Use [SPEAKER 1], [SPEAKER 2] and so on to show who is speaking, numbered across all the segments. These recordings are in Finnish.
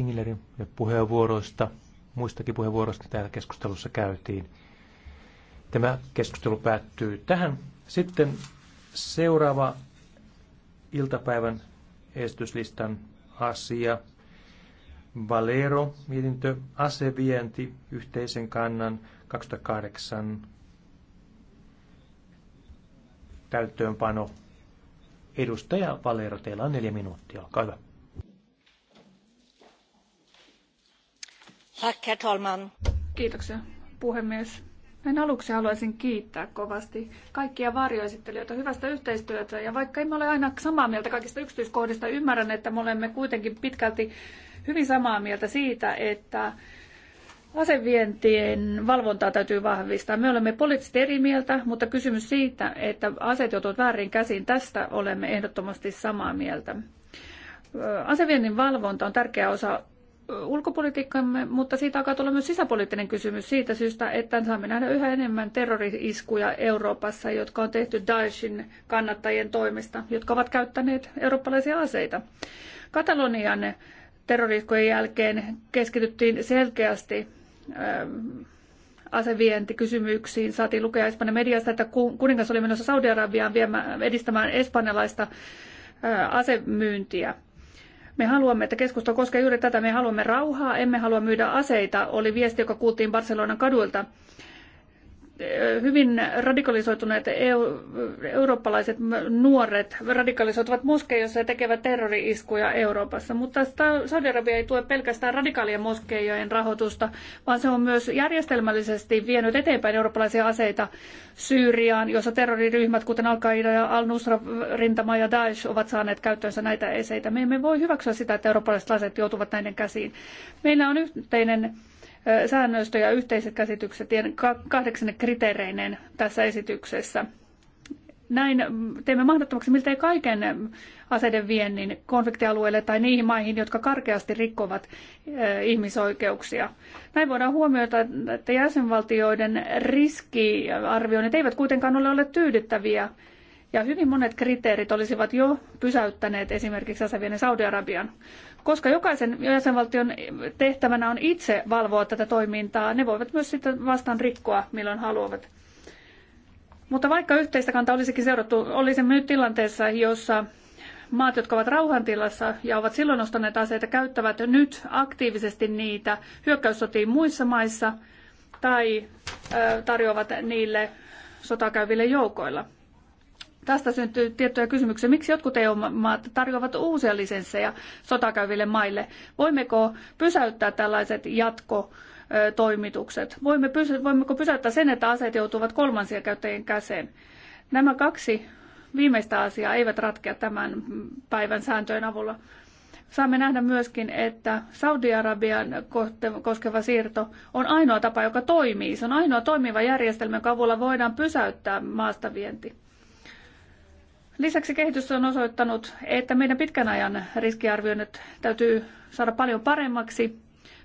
[SPEAKER 1] Stinglerin puheenvuoroista, muistakin puheenvuoroista täällä keskustelussa käytiin. Tämä keskustelu päättyy tähän. Sitten seuraava iltapäivän esityslistan asia. Valero, mietintö, asevienti, yhteisen kannan 2008 täyttöönpano. Edustaja Valero, teillä on neljä minuuttia, olkaa hyvä.
[SPEAKER 2] Herr talman. Kiitoksia puhemies. Näin aluksi haluaisin kiittää kovasti kaikkia varjoesittelijöitä hyvästä yhteistyötä. Ja vaikka emme ole aina samaa mieltä kaikista yksityiskohdista, ymmärrän, että me olemme kuitenkin pitkälti hyvin samaa mieltä siitä, että asevientien valvontaa täytyy vahvistaa. Me olemme poliittisesti eri mieltä, mutta kysymys siitä, että aseet joutuvat väärin käsiin, tästä olemme ehdottomasti samaa mieltä. Aseviennin valvonta on tärkeä osa ulkopolitiikkamme, mutta siitä alkaa tulla myös sisäpoliittinen kysymys siitä syystä, että saamme nähdä yhä enemmän terrori-iskuja Euroopassa, jotka on tehty Daeshin kannattajien toimesta, jotka ovat käyttäneet eurooppalaisia aseita. Katalonian terroriskojen jälkeen keskityttiin selkeästi äh, asevientikysymyksiin. Saatiin lukea Espanjan mediasta, että kuningas oli menossa Saudi-Arabiaan edistämään espanjalaista äh, asemyyntiä. Me haluamme, että keskusta koskee juuri tätä. Me haluamme rauhaa, emme halua myydä aseita, oli viesti, joka kuultiin Barcelonan kaduilta hyvin radikalisoituneet EU, eurooppalaiset nuoret radikalisoituvat moskeijoissa ja tekevät terrori-iskuja Euroopassa. Mutta Saudi-Arabia ei tue pelkästään radikaalien moskeijojen rahoitusta, vaan se on myös järjestelmällisesti vienyt eteenpäin eurooppalaisia aseita Syyriaan, jossa terroriryhmät kuten Al-Qaida ja Al-Nusra-rintama ja Daesh ovat saaneet käyttöönsä näitä eseitä. Me emme voi hyväksyä sitä, että eurooppalaiset aseet joutuvat näiden käsiin. Meillä on yhteinen säännöistä ja yhteiset käsitykset kahdeksan kriteereineen tässä esityksessä. Näin teemme mahdottomaksi miltei kaiken aseiden viennin konfliktialueille tai niihin maihin, jotka karkeasti rikkovat ihmisoikeuksia. Näin voidaan huomioida, että jäsenvaltioiden riskiarvioinnit eivät kuitenkaan ole olleet tyydyttäviä. Ja hyvin monet kriteerit olisivat jo pysäyttäneet esimerkiksi aseviennin Saudi-Arabian koska jokaisen jäsenvaltion tehtävänä on itse valvoa tätä toimintaa, ne voivat myös sitten vastaan rikkoa, milloin haluavat. Mutta vaikka yhteistä kantaa olisikin seurattu, olisimme nyt tilanteessa, jossa maat, jotka ovat rauhantilassa ja ovat silloin nostaneet aseita, käyttävät nyt aktiivisesti niitä hyökkäyssotiin muissa maissa tai tarjoavat niille sotakäyville joukoilla. Tästä syntyy tiettyjä kysymyksiä. Miksi jotkut EU-maat tarjoavat uusia lisenssejä sotakäyville maille? Voimmeko pysäyttää tällaiset jatko toimitukset. Voimme pysy- voimmeko pysäyttää sen, että aseet joutuvat kolmansien käyttäjien käseen? Nämä kaksi viimeistä asiaa eivät ratkea tämän päivän sääntöjen avulla. Saamme nähdä myöskin, että Saudi-Arabian koskeva siirto on ainoa tapa, joka toimii. Se on ainoa toimiva järjestelmä, jonka avulla voidaan pysäyttää maastavienti. Lisäksi kehitys on osoittanut, että meidän pitkän ajan riskiarvioinnit täytyy saada paljon paremmaksi.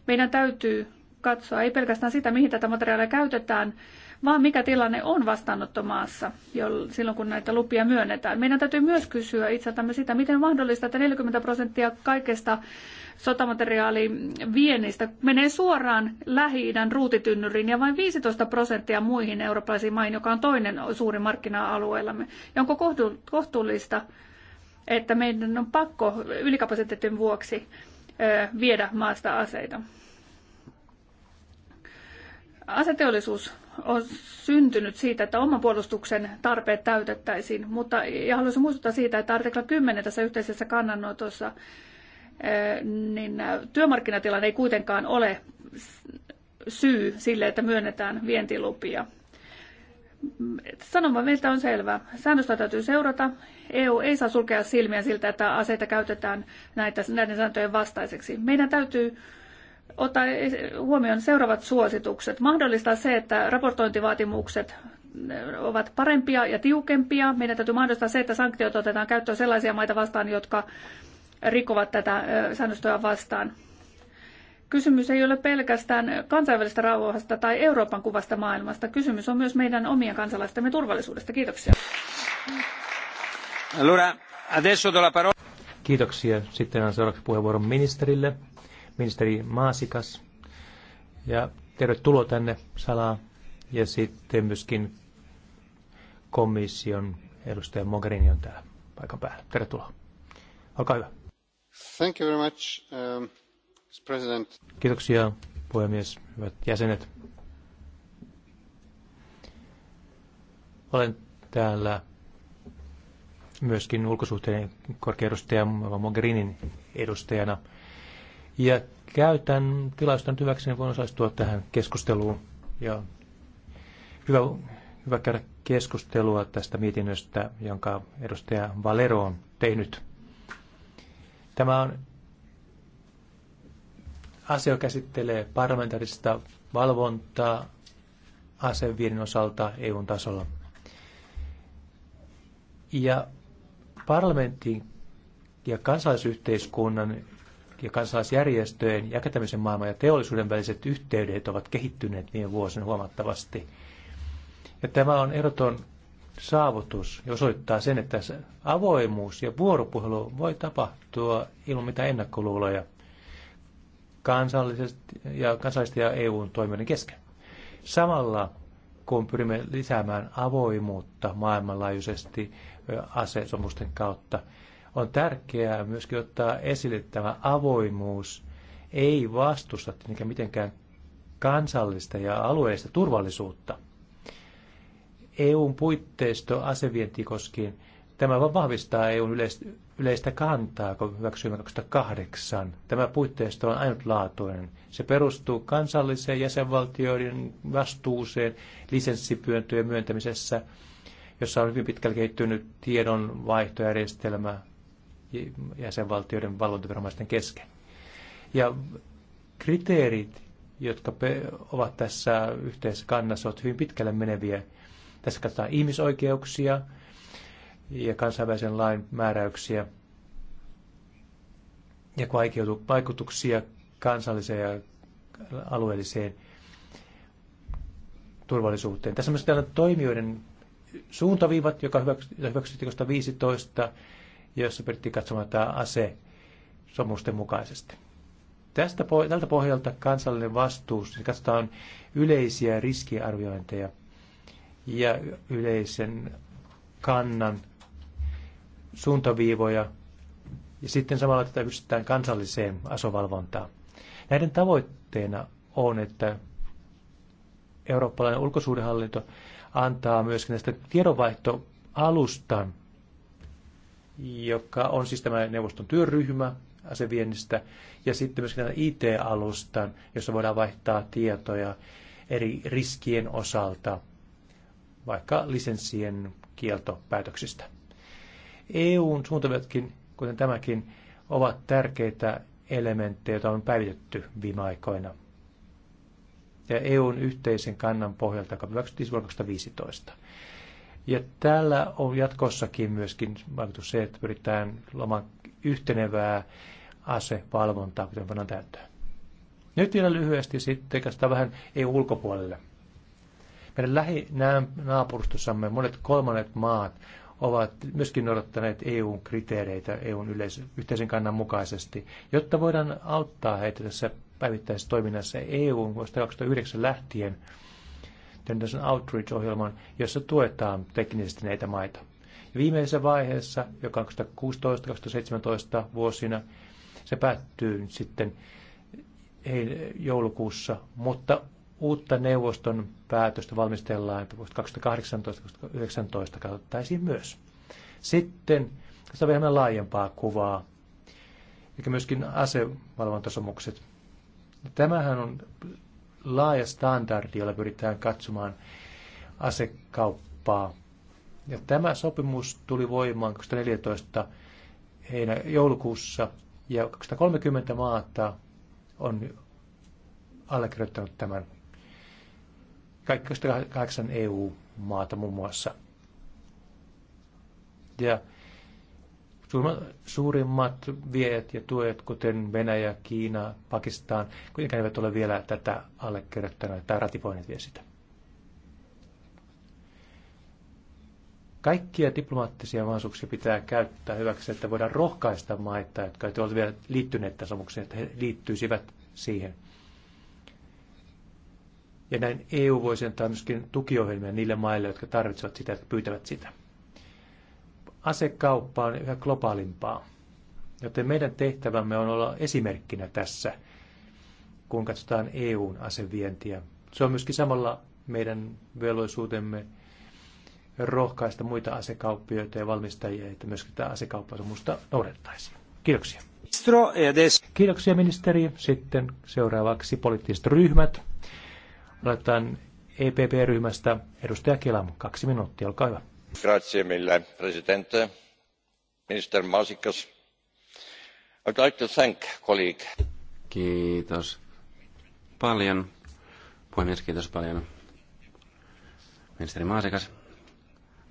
[SPEAKER 2] Meidän täytyy katsoa ei pelkästään sitä, mihin tätä materiaalia käytetään, vaan mikä tilanne on vastaanottomaassa silloin, kun näitä lupia myönnetään. Meidän täytyy myös kysyä itseltämme sitä, miten mahdollista, että 40 prosenttia kaikesta Viennistä menee suoraan Lähi-idän ruutitynnyriin ja vain 15 prosenttia muihin eurooppalaisiin maihin, joka on toinen suuri markkina-alueellamme. Ja onko kohtuullista, että meidän on pakko ylikapasiteetin vuoksi viedä maasta aseita? Aseteollisuus on syntynyt siitä, että oman puolustuksen tarpeet täytettäisiin. Mutta, ja haluaisin muistuttaa siitä, että artikla 10 tässä yhteisessä kannanotossa, eh, niin työmarkkinatilanne ei kuitenkaan ole syy sille, että myönnetään vientilupia. Sanoma meiltä on selvä. Säännöstä täytyy seurata. EU ei saa sulkea silmiä siltä, että aseita käytetään näitä, näiden sääntöjen vastaiseksi. Meidän täytyy ottaa huomioon seuraavat suositukset. Mahdollistaa se, että raportointivaatimukset äh, ovat parempia ja tiukempia. Meidän täytyy mahdollistaa se, että sanktiot otetaan käyttöön sellaisia maita vastaan, jotka rikovat tätä äh, säännöstöä vastaan. Kysymys ei ole pelkästään kansainvälistä rauhasta tai Euroopan kuvasta maailmasta. Kysymys on myös meidän omien kansalaistemme turvallisuudesta. Kiitoksia.
[SPEAKER 3] Allora,
[SPEAKER 1] adesso do la parola. Kiitoksia. Sitten on seuraavaksi puheenvuoron ministerille ministeri Maasikas. Ja tervetuloa tänne salaa. Ja sitten myöskin komission edustaja Mogherini on täällä paikan päällä. Tervetuloa. Olkaa hyvä.
[SPEAKER 3] Thank you very much, um, President.
[SPEAKER 1] Kiitoksia, puhemies, hyvät jäsenet. Olen täällä myöskin ulkosuhteiden korkeudustajan Mogherinin edustajana – ja käytän tilaisuutta nyt hyväksi, niin voin osallistua tähän keskusteluun. Ja hyvä, hyvä käydä keskustelua tästä mietinnöstä, jonka edustaja Valero on tehnyt. Tämä on asia käsittelee parlamentaarista valvontaa aseviennin osalta EUn tasolla. Ja parlamentin ja kansalaisyhteiskunnan ja kansalaisjärjestöjen ja akateemisen maailman ja teollisuuden väliset yhteydet ovat kehittyneet viime vuosina huomattavasti. Ja tämä on eroton saavutus ja osoittaa sen, että avoimuus ja vuoropuhelu voi tapahtua ilman mitään ennakkoluuloja kansallisesti ja, ja EUn toimijoiden kesken. Samalla kun pyrimme lisäämään avoimuutta maailmanlaajuisesti asesomusten kautta, on tärkeää myöskin ottaa esille tämä avoimuus. Ei vastusta tietenkään mitenkään kansallista ja alueellista turvallisuutta. EUn puitteisto asevienti koskien. Tämä vaan vahvistaa EUn yleistä kantaa, kun hyväksyimme 2008. Tämä puitteisto on ainutlaatuinen. Se perustuu kansalliseen jäsenvaltioiden vastuuseen lisenssipyöntöjen myöntämisessä, jossa on hyvin pitkälle kehittynyt tiedonvaihtojärjestelmä jäsenvaltioiden valvontaviranomaisten kesken. Ja kriteerit, jotka ovat tässä yhteisessä kannassa, ovat hyvin pitkälle meneviä. Tässä katsotaan ihmisoikeuksia ja kansainvälisen lain määräyksiä ja vaikutuksia kansalliseen ja alueelliseen turvallisuuteen. Tässä on myös toimijoiden suuntaviivat, joka hyväksyttiin 15 jossa pyrittiin katsomaan tämä ase somusten mukaisesti. Tästä, tältä pohjalta kansallinen vastuus, siis niin katsotaan yleisiä riskiarviointeja ja yleisen kannan suuntaviivoja ja sitten samalla tätä yhdistetään kansalliseen asovalvontaan. Näiden tavoitteena on, että eurooppalainen ulkosuudenhallinto antaa myöskin näistä tiedonvaihtoalustan joka on siis tämä neuvoston työryhmä aseviennistä, ja sitten myöskin tämä IT-alustan, jossa voidaan vaihtaa tietoja eri riskien osalta, vaikka lisenssien kieltopäätöksistä. EUn suuntaviotkin, kuten tämäkin, ovat tärkeitä elementtejä, joita on päivitetty viime aikoina. Ja EUn yhteisen kannan pohjalta, joka hyväksyttiin vuonna 2015. Ja täällä on jatkossakin myöskin vaikutus se, että pyritään loman yhtenevää asevalvontaa, kuten voidaan täyttää. Nyt vielä lyhyesti sitten, kastaa vähän EU-ulkopuolelle. Meidän lähinaapurustossamme monet kolmannet maat ovat myöskin noudattaneet EUn kriteereitä EUn yleis- yhteisen kannan mukaisesti, jotta voidaan auttaa heitä tässä päivittäisessä toiminnassa EUn vuodesta 2009 lähtien International Outreach-ohjelman, jossa tuetaan teknisesti näitä maita. Ja viimeisessä vaiheessa, jo 2016-2017 vuosina, se päättyy sitten joulukuussa, mutta uutta neuvoston päätöstä valmistellaan vuodesta 2018-2019 katsottaisiin myös. Sitten se on vähän laajempaa kuvaa, eli myöskin asevalvontasomukset. Tämähän on laaja standardi, jolla pyritään katsomaan asekauppaa. Ja tämä sopimus tuli voimaan 2014 heinä, joulukuussa ja 230 maata on allekirjoittanut tämän. Kaikki 28 EU-maata muun muassa. Ja Suurimmat viejät ja tuet, kuten Venäjä, Kiina, Pakistan, kuitenkaan eivät ole vielä tätä allekirjoittaneet tai ratifoineet vielä sitä. Kaikkia diplomaattisia mahdollisuuksia pitää käyttää hyväksi, että voidaan rohkaista maita, jotka eivät ole vielä liittyneet tässä että he liittyisivät siihen. Ja näin EU voisi antaa myöskin tukiohjelmia niille maille, jotka tarvitsevat sitä, jotka pyytävät sitä asekauppa on yhä globaalimpaa. Joten meidän tehtävämme on olla esimerkkinä tässä, kun katsotaan EUn asevientiä. Se on myöskin samalla meidän velvollisuutemme rohkaista muita asekauppioita ja valmistajia, että myöskin tämä asekauppasomusta noudattaisiin. Kiitoksia. E Kiitoksia ministeri. Sitten seuraavaksi poliittiset ryhmät. Aloitetaan EPP-ryhmästä. Edustaja Kelam, kaksi minuuttia, olkaa hyvä
[SPEAKER 3] mr president minister maasikas i would like to thank colleague. kiitos paljon puhemies kiitos paljon ministeri Maasikas.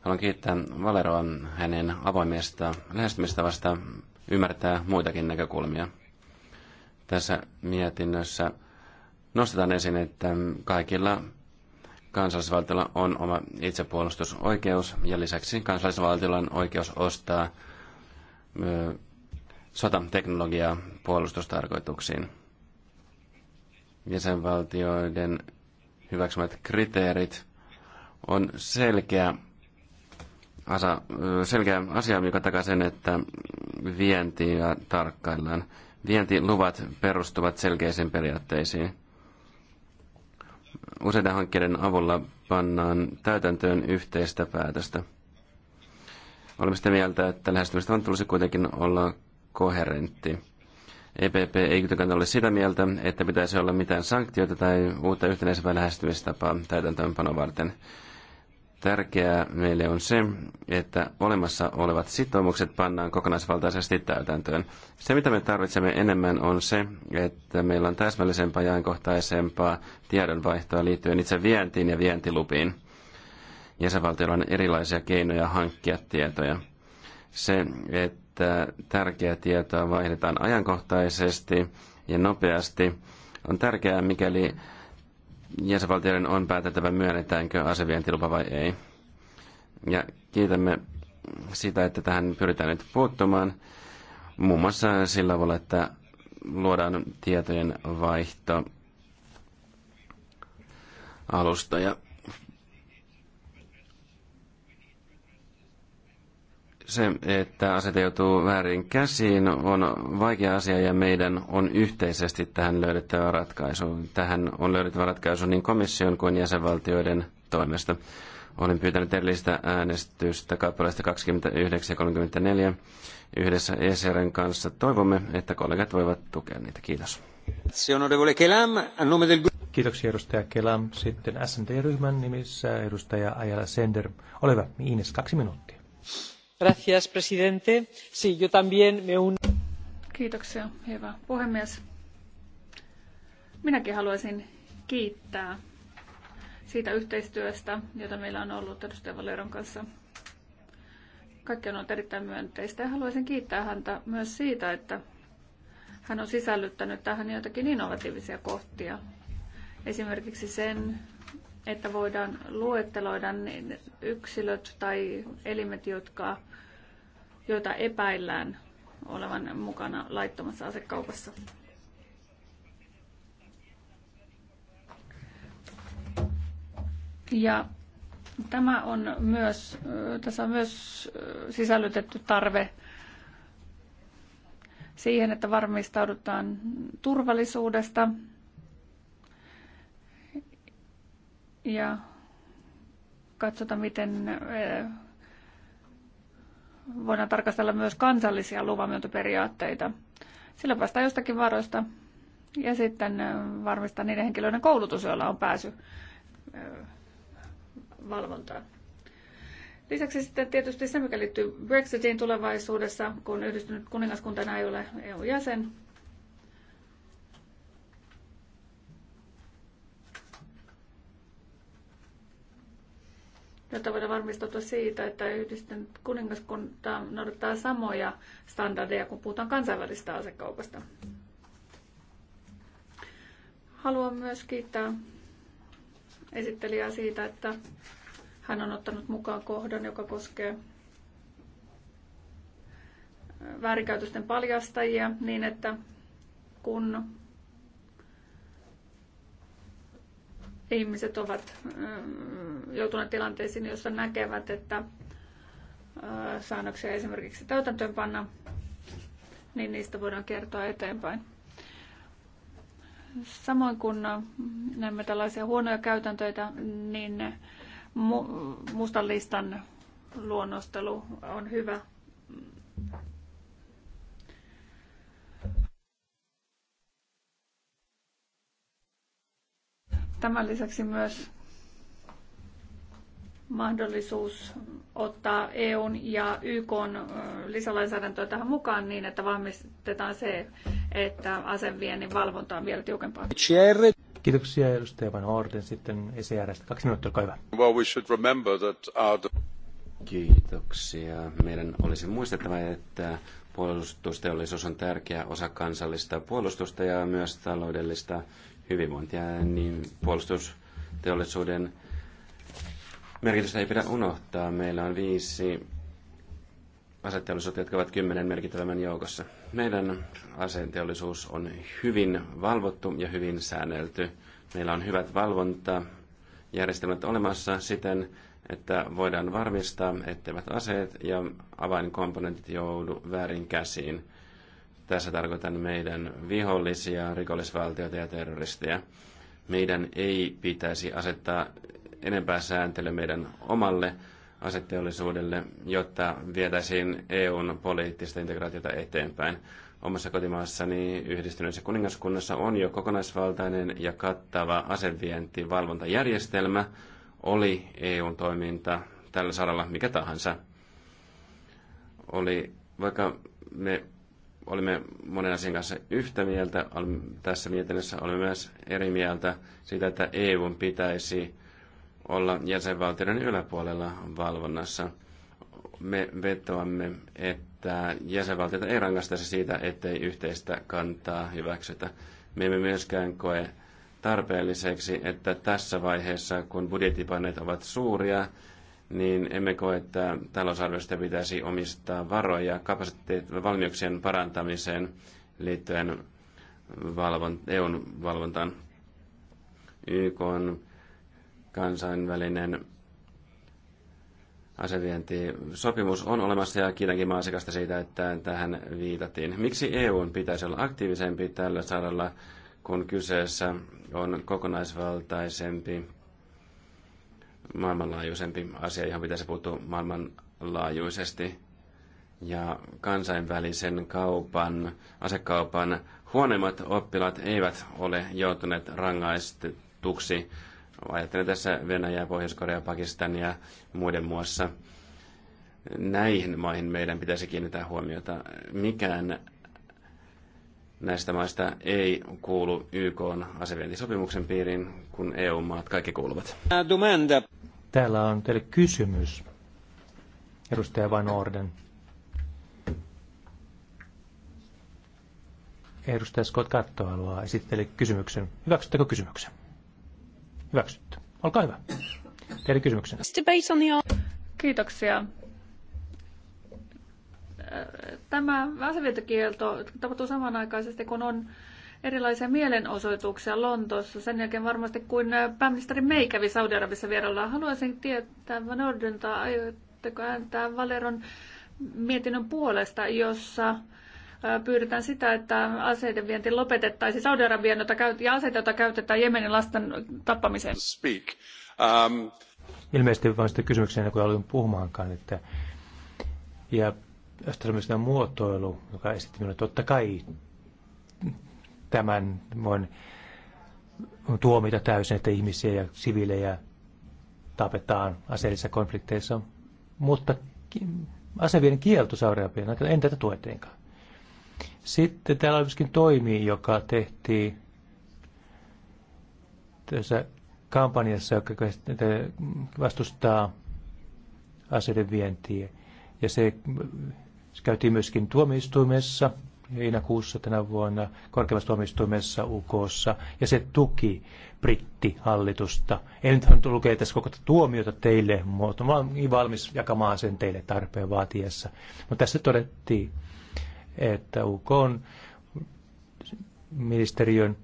[SPEAKER 3] Haluan kiittää Valeroa hänen avoimesta lähestymistavasta ymmärtää muitakin näkökulmia. Tässä mietinnössä nostetaan esiin, että kaikilla Kansallisvaltiolla on oma itsepuolustusoikeus ja lisäksi kansallisvaltiolla on oikeus ostaa sotateknologiaa puolustustarkoituksiin. Jäsenvaltioiden hyväksymät kriteerit on selkeä, asa, selkeä asia, joka takaa sen, että vientiä tarkkaillaan. Vientiluvat perustuvat selkeisiin periaatteisiin useiden hankkeiden avulla pannaan täytäntöön yhteistä päätöstä. Olemme sitä mieltä, että lähestymistavan tulisi kuitenkin olla koherentti. EPP ei kuitenkaan ole sitä mieltä, että pitäisi olla mitään sanktioita tai uutta yhtenäisempää lähestymistapaa täytäntöönpanoa varten. Tärkeää meille on se, että olemassa olevat sitoumukset pannaan kokonaisvaltaisesti täytäntöön. Se, mitä me tarvitsemme enemmän, on se, että meillä on täsmällisempää ja ajankohtaisempaa tiedonvaihtoa liittyen itse vientiin ja vientilupiin. Jäsenvaltioilla on erilaisia keinoja hankkia tietoja. Se, että tärkeää tietoa vaihdetaan ajankohtaisesti ja nopeasti, on tärkeää, mikäli jäsenvaltioiden on päätettävä myönnetäänkö asevientilupa vai ei. Ja kiitämme sitä, että tähän pyritään nyt puuttumaan muun muassa sillä tavalla, että luodaan tietojen vaihto alustoja se, että aseita joutuu väärin käsiin, on vaikea asia ja meidän on yhteisesti tähän löydettävä ratkaisu. Tähän on löydettävä ratkaisu niin komission kuin jäsenvaltioiden toimesta. Olen pyytänyt erillistä äänestystä ja 34 yhdessä ECRn kanssa. Toivomme, että kollegat voivat tukea niitä. Kiitos.
[SPEAKER 1] Kiitoksia edustaja Kelam. Sitten st ryhmän nimissä edustaja Ajala Sender. Ole hyvä, Ines, kaksi minuuttia señor presidente yo también me uno.
[SPEAKER 2] Kiitoksia, hyvä puhemies. Minäkin haluaisin kiittää siitä yhteistyöstä, jota meillä on ollut edustaja Valeron kanssa. Kaikki on ollut erittäin myönteistä ja haluaisin kiittää häntä myös siitä, että hän on sisällyttänyt tähän joitakin innovatiivisia kohtia. Esimerkiksi sen, että voidaan luetteloida ne yksilöt tai elimet, jotka, joita epäillään olevan mukana laittomassa asekaupassa. Ja tämä on myös, tässä on myös sisällytetty tarve siihen, että varmistaudutaan turvallisuudesta ja katsotaan, miten voidaan tarkastella myös kansallisia luvamyöntöperiaatteita. Sillä päästään jostakin varoista ja sitten varmistaa niiden henkilöiden koulutus, joilla on pääsy valvontaan. Lisäksi sitten tietysti se, mikä liittyy Brexitiin tulevaisuudessa, kun yhdistynyt kuningaskunta ei ole EU-jäsen, jotta voidaan varmistautua siitä, että yhdisten kuningaskunta noudattaa samoja standardeja, kun puhutaan kansainvälistä asekaupasta. Haluan myös kiittää esittelijää siitä, että hän on ottanut mukaan kohdan, joka koskee väärinkäytösten paljastajia niin, että kun ihmiset ovat joutuneet tilanteisiin, joissa näkevät, että säännöksiä esimerkiksi täytäntöönpanna, niin niistä voidaan kertoa eteenpäin. Samoin kun näemme tällaisia huonoja käytäntöitä, niin mustan listan luonnostelu on hyvä Tämän lisäksi myös mahdollisuus ottaa EUn ja YKn lisälainsäädäntöä tähän mukaan niin, että varmistetaan se, että aseviennin valvonta on vielä
[SPEAKER 1] tiukempaa. Kiitoksia edustaja Van Orden sitten ECRstä. Kaksi minuuttia, olkaa hyvä.
[SPEAKER 3] Well, we should remember that our... Kiitoksia. Meidän olisi muistettava, että puolustusteollisuus on tärkeä osa kansallista puolustusta ja myös taloudellista hyvinvointia. Niin puolustusteollisuuden merkitystä ei pidä unohtaa. Meillä on viisi aseteollisuutta, jotka ovat kymmenen merkittävämmän joukossa. Meidän asenteollisuus on hyvin valvottu ja hyvin säännelty. Meillä on hyvät valvontajärjestelmät olemassa siten, että voidaan varmistaa, etteivät aseet ja avainkomponentit joudu väärin käsiin. Tässä tarkoitan meidän vihollisia, rikollisvaltioita ja terroristeja. Meidän ei pitäisi asettaa enempää sääntely meidän omalle aseteollisuudelle, jotta vietäisiin EUn poliittista integraatiota eteenpäin. Omassa kotimaassani yhdistyneessä kuningaskunnassa on jo kokonaisvaltainen ja kattava asevientivalvontajärjestelmä, oli EUn toiminta tällä saralla mikä tahansa. Oli, vaikka me olimme monen asian kanssa yhtä mieltä, tässä mietinnössä olimme myös eri mieltä siitä, että EUn pitäisi olla jäsenvaltioiden yläpuolella valvonnassa. Me vetoamme, että jäsenvaltioita ei rangaistaisi siitä, ettei yhteistä kantaa hyväksytä. Me emme myöskään koe tarpeelliseksi, että tässä vaiheessa, kun budjettipaineet ovat suuria, niin emme koe, että talousarviosta pitäisi omistaa varoja kapasiteettien valmiuksien parantamiseen liittyen valvon, EUn valvontaan. YK on kansainvälinen asevientisopimus on olemassa ja kiitänkin maasikasta siitä, että tähän viitattiin. Miksi EUn pitäisi olla aktiivisempi tällä saralla, kun kyseessä on kokonaisvaltaisempi, maailmanlaajuisempi asia, johon pitäisi puuttua maailmanlaajuisesti? Ja kansainvälisen kaupan, asekaupan huonemmat oppilaat eivät ole joutuneet rangaistuksi Ajattelen tässä Venäjää, Pohjois-Korea, Pakistania muiden muassa. Näihin maihin meidän pitäisi kiinnittää huomiota. Mikään näistä maista ei kuulu YK asevientisopimuksen piiriin, kun EU-maat kaikki kuuluvat. Täällä
[SPEAKER 1] on teille kysymys, edustaja Van Orden. Edustaja Scott Katto haluaa esittää kysymyksen. Hyväksyttekö kysymyksen? Hyväksytty. Olkaa hyvä. Teidän kysymyksenne.
[SPEAKER 2] Kiitoksia. Tämä asevientikielto tapahtuu samanaikaisesti, kun on erilaisia mielenosoituksia Lontoossa sen jälkeen varmasti, kun pääministeri May kävi Saudi-Arabissa vierellä. Haluaisin tietää, Nordenta, aiotteko ääntää Valeron mietinnön puolesta, jossa pyydetään sitä, että aseiden vienti lopetettaisiin saudi arabian ja aseita, joita käytetään Jemenin lasten tappamiseen. Speak. Um...
[SPEAKER 1] Ilmeisesti vain sitä kysymykseen, kuin aloin puhumaankaan, että ja tämä muotoilu, joka esitti minulle, totta kai tämän voin tuomita täysin, että ihmisiä ja siviilejä tapetaan aseellisissa konflikteissa, mutta aseviiden kielto saudi aikana, en tätä tue sitten täällä on myöskin toimi, joka tehtiin tässä kampanjassa, joka vastustaa aseiden vientiä. Ja se, se käytiin myöskin tuomioistuimessa heinäkuussa tänä vuonna korkeimmassa tuomioistuimessa UKssa, ja se tuki brittihallitusta. En nyt halunnut tässä koko tuomiota teille, mutta olen valmis jakamaan sen teille tarpeen vaatiessa. Mutta no tässä todettiin, että UK on ministeriön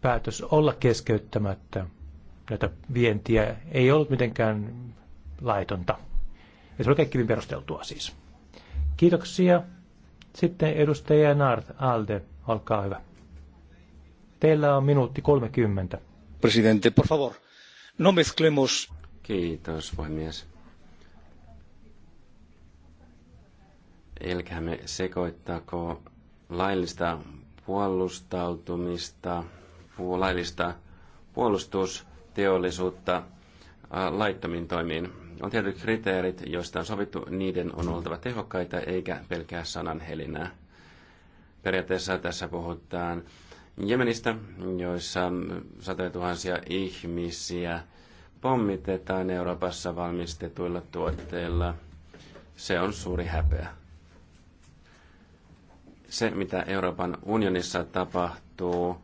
[SPEAKER 1] päätös olla keskeyttämättä näitä vientiä ei ollut mitenkään laitonta. Ja se oli kaikki hyvin perusteltua siis. Kiitoksia. Sitten edustaja Nart Alde, olkaa hyvä. Teillä on minuutti 30.
[SPEAKER 3] Presidente, por favor, no mezclemos. Kiitos, puhemies. Elkäämme sekoittako laillista puolustautumista, laillista puolustusteollisuutta äh, laittomiin toimiin. On tietyt kriteerit, joista on sovittu, niiden on oltava tehokkaita eikä pelkää sananhelinää. Periaatteessa tässä puhutaan Jemenistä, joissa satoja tuhansia ihmisiä pommitetaan Euroopassa valmistetuilla tuotteilla. Se on suuri häpeä se, mitä Euroopan unionissa tapahtuu,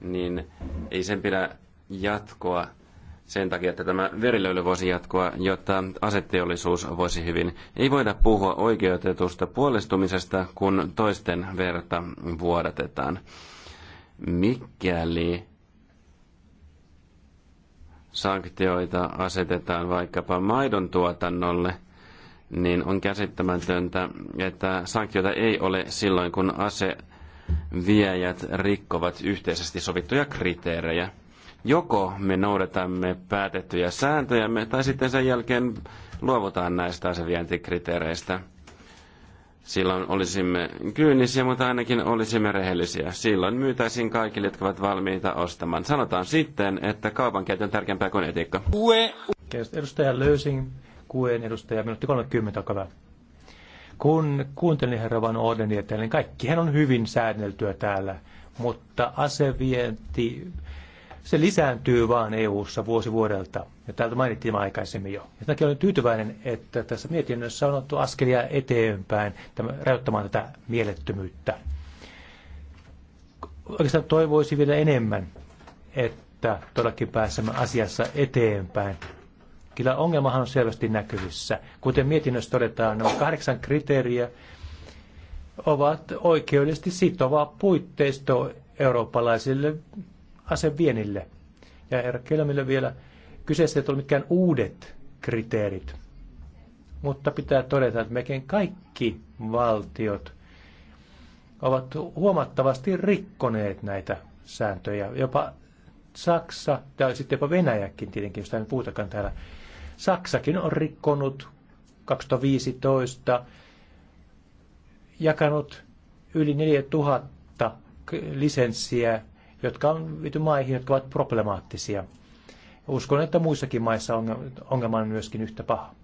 [SPEAKER 3] niin ei sen pidä jatkoa sen takia, että tämä verilöyly voisi jatkoa, jotta asetteollisuus voisi hyvin. Ei voida puhua oikeutetusta puolestumisesta, kun toisten verta vuodatetaan. Mikäli sanktioita asetetaan vaikkapa maidon tuotannolle, niin on käsittämätöntä, että sanktioita ei ole silloin, kun aseviejät rikkovat yhteisesti sovittuja kriteerejä. Joko me noudatamme päätettyjä sääntöjämme, tai sitten sen jälkeen luovutaan näistä asevientikriteereistä. Silloin olisimme kyynisiä, mutta ainakin olisimme rehellisiä. Silloin myytäisiin kaikille, jotka ovat valmiita ostamaan. Sanotaan sitten, että kaupankäyttö on tärkeämpää kuin etiikka.
[SPEAKER 1] Edustaja löysin kuuden edustaja, minuutti 30, olkaa Kun kuuntelin herra Van Ordenia että niin kaikkihan on hyvin säänneltyä täällä, mutta asevienti, se lisääntyy vaan EU-ssa vuosi vuodelta. Ja täältä mainittiin aikaisemmin jo. Ja takia olen tyytyväinen, että tässä mietinnössä on otettu askelia eteenpäin tämän, rajoittamaan tätä mielettömyyttä. Oikeastaan toivoisin vielä enemmän, että todellakin pääsemme asiassa eteenpäin Kyllä ongelmahan on selvästi näkyvissä. Kuten mietinnössä todetaan, nämä kahdeksan kriteeriä ovat oikeudellisesti sitova puitteisto eurooppalaisille asevienille. Ja herra Kelmille vielä, kyseessä ei ole mikään uudet kriteerit, mutta pitää todeta, että mekin kaikki valtiot ovat huomattavasti rikkoneet näitä sääntöjä. Jopa Saksa tai sitten jopa Venäjäkin tietenkin, jos tämä puhutakaan täällä. Saksakin on rikkonut 2015 jakanut yli 4000 lisenssiä, jotka on viety maihin, jotka ovat problemaattisia. Uskon, että muissakin maissa ongelma on myöskin yhtä paha.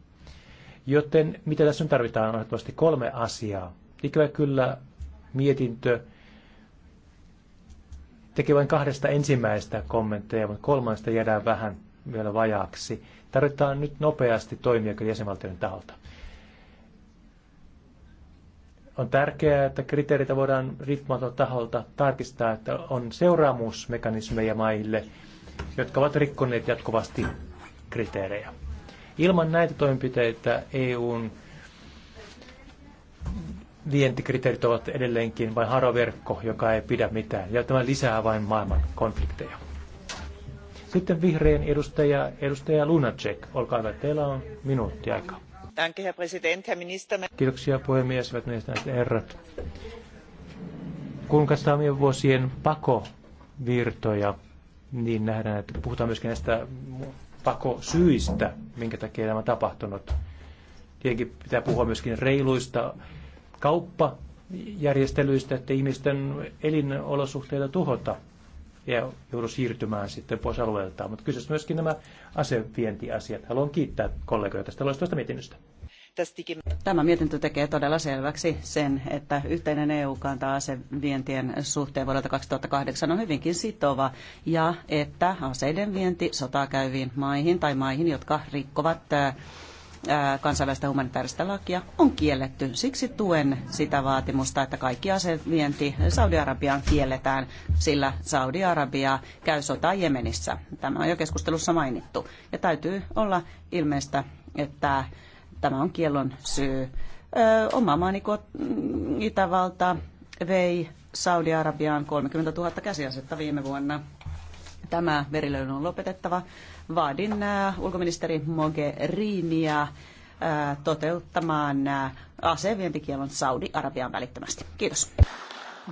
[SPEAKER 1] Joten mitä tässä nyt tarvitaan, on ehdottomasti kolme asiaa. Ikävä kyllä mietintö tekee vain kahdesta ensimmäistä kommentteja, mutta kolmannesta jäädään vähän vielä vajaaksi. Tarvitaan nyt nopeasti toimia jäsenvaltioiden taholta. On tärkeää, että kriteerit voidaan riippumaton taholta tarkistaa, että on seuraamusmekanismeja maille, jotka ovat rikkoneet jatkuvasti kriteerejä. Ilman näitä toimenpiteitä EUn vientikriteerit ovat edelleenkin vain haroverkko, joka ei pidä mitään. Ja tämä lisää vain maailman konflikteja. Sitten vihreän edustaja, edustaja Lunacek, olkaa hyvä, teillä on minuutti aikaa. Kiitoksia puhemies, hyvät ministerit ja herrat. Kun katsotaan viime vuosien pakovirtoja, niin nähdään, että puhutaan myöskin näistä pakosyistä, minkä takia tämä on tapahtunut. Tietenkin pitää puhua myöskin reiluista kauppajärjestelyistä, että ihmisten elinolosuhteita tuhota ja joudu siirtymään sitten pois alueeltaan. Mutta kyseessä myöskin nämä asevientiasiat. Haluan kiittää kollegoja tästä loistavasta mietinnöstä. Tämä mietintö tekee
[SPEAKER 4] todella selväksi sen, että yhteinen EU-kanta asevientien suhteen vuodelta 2008 on hyvinkin sitova ja että aseiden vienti sotaa käyviin maihin tai maihin, jotka rikkovat äh, kansainvälistä humanitaarista lakia on kielletty. Siksi tuen sitä vaatimusta, että kaikki asevienti Saudi-Arabiaan kielletään, sillä Saudi-Arabia käy sotaa Jemenissä. Tämä on jo keskustelussa mainittu. Ja täytyy olla ilmeistä, että tämä on kiellon syy. oma maani mm, Itävalta vei Saudi-Arabiaan 30 000 käsiasetta viime vuonna. Tämä verilöyly on lopetettava vaadin äh, ulkoministeri Mogherinia äh, toteuttamaan äh, asevientikielon Saudi-Arabiaan välittömästi. Kiitos.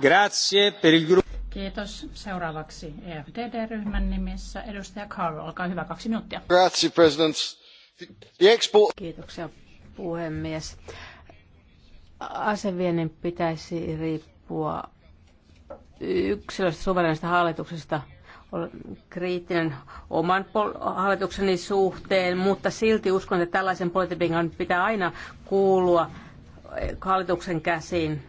[SPEAKER 1] Grazie per il gruppo.
[SPEAKER 4] Kiitos.
[SPEAKER 5] Seuraavaksi EFDD-ryhmän nimissä edustaja Carl, olkaa hyvä, kaksi minuuttia.
[SPEAKER 4] Grazie, President.
[SPEAKER 6] Kiitoksia, puhemies. Aseviennin pitäisi riippua yksilöstä suverenista hallituksesta, kriittinen oman hallitukseni suhteen, mutta silti uskon, että tällaisen politiikan pitää aina kuulua hallituksen käsiin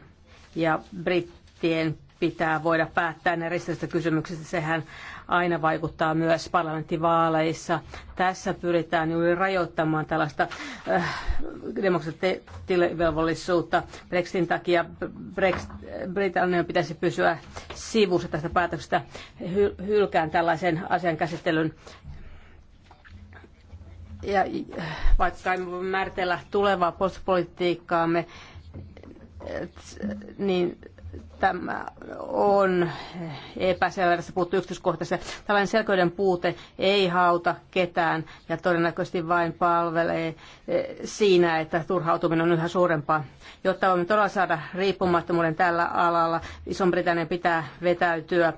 [SPEAKER 6] ja brittien pitää voida päättää ne ristiriitaisista kysymyksistä. Sehän aina vaikuttaa myös parlamenttivaaleissa. Tässä pyritään juuri rajoittamaan tällaista äh, demokratiavelvollisuutta. Brexitin takia Brexit, Britannian pitäisi pysyä sivussa tästä päätöksestä. Hy- hylkään tällaisen asian käsittelyn ja äh, vaikka emme voi määritellä tulevaa postpolitiikkaamme, äh, niin tämä äh, on epäselvästi puhuttu yksityiskohtaisesti. Tällainen selkeyden puute ei hauta ketään ja todennäköisesti vain palvelee äh, siinä, että turhautuminen on yhä suurempaa. Jotta voimme todella saada riippumattomuuden tällä alalla, iso britannian pitää vetäytyä äh,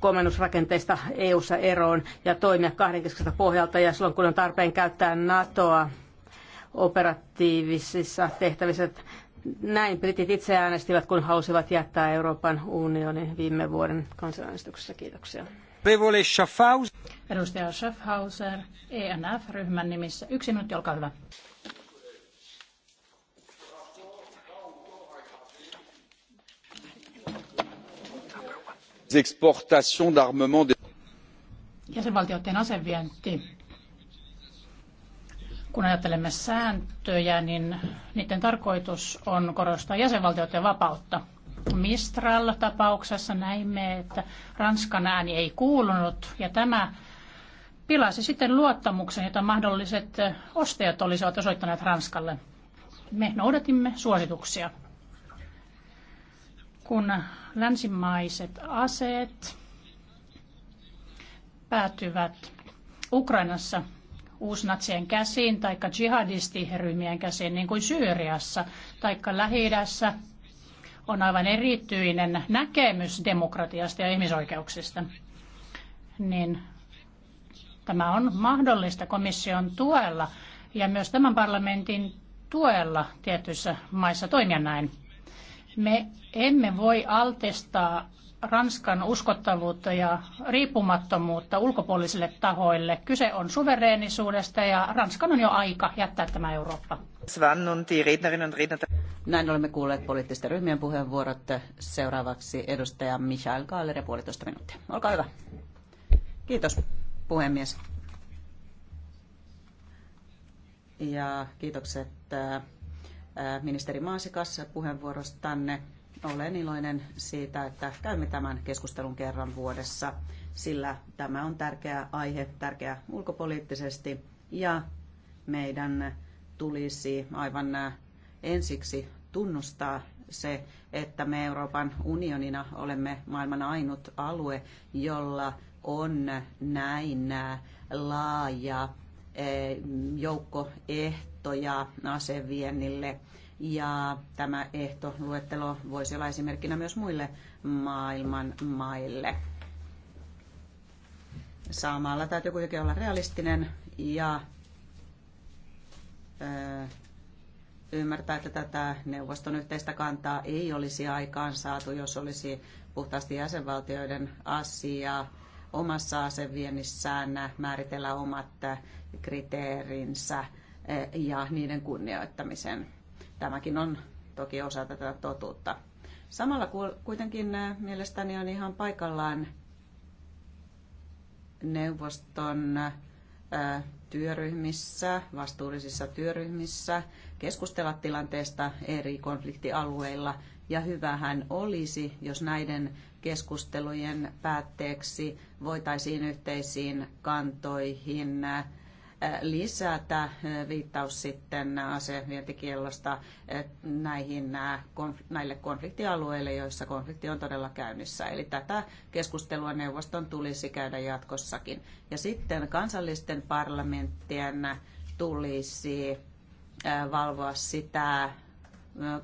[SPEAKER 6] komennusrakenteista EU-ssa eroon ja toimia kahdenkeskistä pohjalta ja silloin kun on tarpeen käyttää NATOa operatiivisissa tehtävissä, näin britit itse äänestivät, kun halusivat jättää Euroopan unionin viime vuoden kansanäänestyksessä. Kiitoksia.
[SPEAKER 5] Edustaja Schaffhauser, ENF-ryhmän nimissä. Yksi minuutti, olkaa hyvä. Jäsenvaltioiden asevienti kun ajattelemme sääntöjä, niin niiden tarkoitus on korostaa jäsenvaltioiden vapautta. Mistral-tapauksessa näimme, että Ranskan ääni ei kuulunut ja tämä pilasi sitten luottamuksen, jota mahdolliset ostajat olisivat osoittaneet Ranskalle. Me noudatimme suosituksia. Kun länsimaiset aseet päätyvät Ukrainassa uusnatsien käsiin tai jihadistiryhmien käsiin, niin kuin Syyriassa tai lähi on aivan erityinen näkemys demokratiasta ja ihmisoikeuksista. Niin tämä on mahdollista komission tuella ja myös tämän parlamentin tuella tietyissä maissa toimia näin. Me emme voi altistaa Ranskan uskottavuutta ja riippumattomuutta ulkopuolisille tahoille. Kyse on suvereenisuudesta ja Ranskan on jo aika jättää tämä Eurooppa.
[SPEAKER 4] Näin olemme kuulleet poliittisten ryhmien puheenvuorot. Seuraavaksi edustaja Michael Kaaler ja puolitoista minuuttia. Olkaa hyvä. Kiitos puhemies. Ja kiitokset äh, ministeri Maasikas puheenvuorostanne olen iloinen siitä, että käymme tämän keskustelun kerran vuodessa, sillä tämä on tärkeä aihe, tärkeä ulkopoliittisesti ja meidän tulisi aivan äh, ensiksi tunnustaa se, että me Euroopan unionina olemme maailman ainut alue, jolla on näin äh, laaja äh, joukko ehtoja aseviennille ja tämä ehtoluettelo voisi olla esimerkkinä myös muille maailman maille. Samalla täytyy kuitenkin olla realistinen ja ymmärtää, että tätä neuvoston yhteistä kantaa ei olisi aikaan saatu, jos olisi puhtaasti jäsenvaltioiden asia omassa aseviennissään määritellä omat kriteerinsä ja niiden kunnioittamisen. Tämäkin on toki osa tätä totuutta. Samalla kuitenkin äh, mielestäni on ihan paikallaan neuvoston äh, työryhmissä, vastuullisissa työryhmissä, keskustella tilanteesta eri konfliktialueilla. Ja hyvähän olisi, jos näiden keskustelujen päätteeksi voitaisiin yhteisiin kantoihin äh, lisätä eh, viittaus sitten asevientikiellosta eh, näihin, näille konfliktialueille, joissa konflikti on todella käynnissä. Eli tätä keskustelua neuvoston tulisi käydä jatkossakin. Ja sitten kansallisten parlamenttien tulisi eh, valvoa sitä,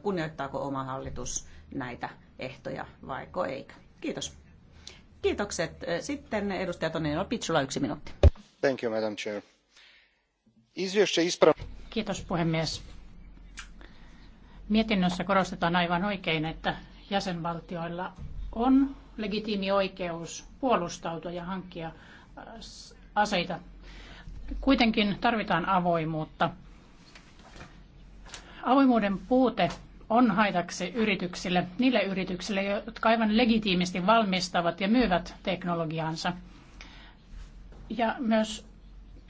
[SPEAKER 4] kunnioittaako oma hallitus näitä ehtoja vaiko eikö. Kiitos. Kiitokset. Sitten edustaja Toninen Pitsula, yksi minuutti.
[SPEAKER 3] Thank you, Madam Chair.
[SPEAKER 4] Kiitos puhemies. Mietinnössä
[SPEAKER 5] korostetaan aivan oikein, että jäsenvaltioilla on legitiimi oikeus puolustautua ja hankkia äh, aseita. Kuitenkin tarvitaan avoimuutta. Avoimuuden puute on haitaksi yrityksille, niille yrityksille, jotka aivan legitiimisti valmistavat ja myyvät teknologiaansa. Ja myös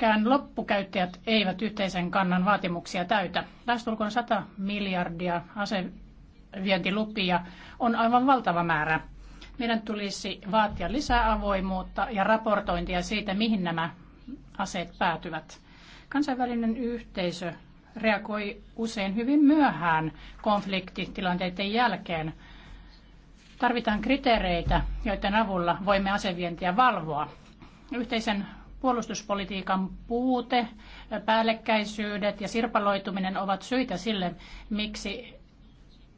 [SPEAKER 5] myöskään loppukäyttäjät eivät yhteisen kannan vaatimuksia täytä. Lähestulkoon 100 miljardia asevientilupia on aivan valtava määrä. Meidän tulisi vaatia lisää avoimuutta ja raportointia siitä, mihin nämä aseet päätyvät. Kansainvälinen yhteisö reagoi usein hyvin myöhään konfliktitilanteiden jälkeen. Tarvitaan kriteereitä, joiden avulla voimme asevientiä valvoa. Yhteisen Puolustuspolitiikan puute, päällekkäisyydet ja sirpaloituminen ovat syitä sille, miksi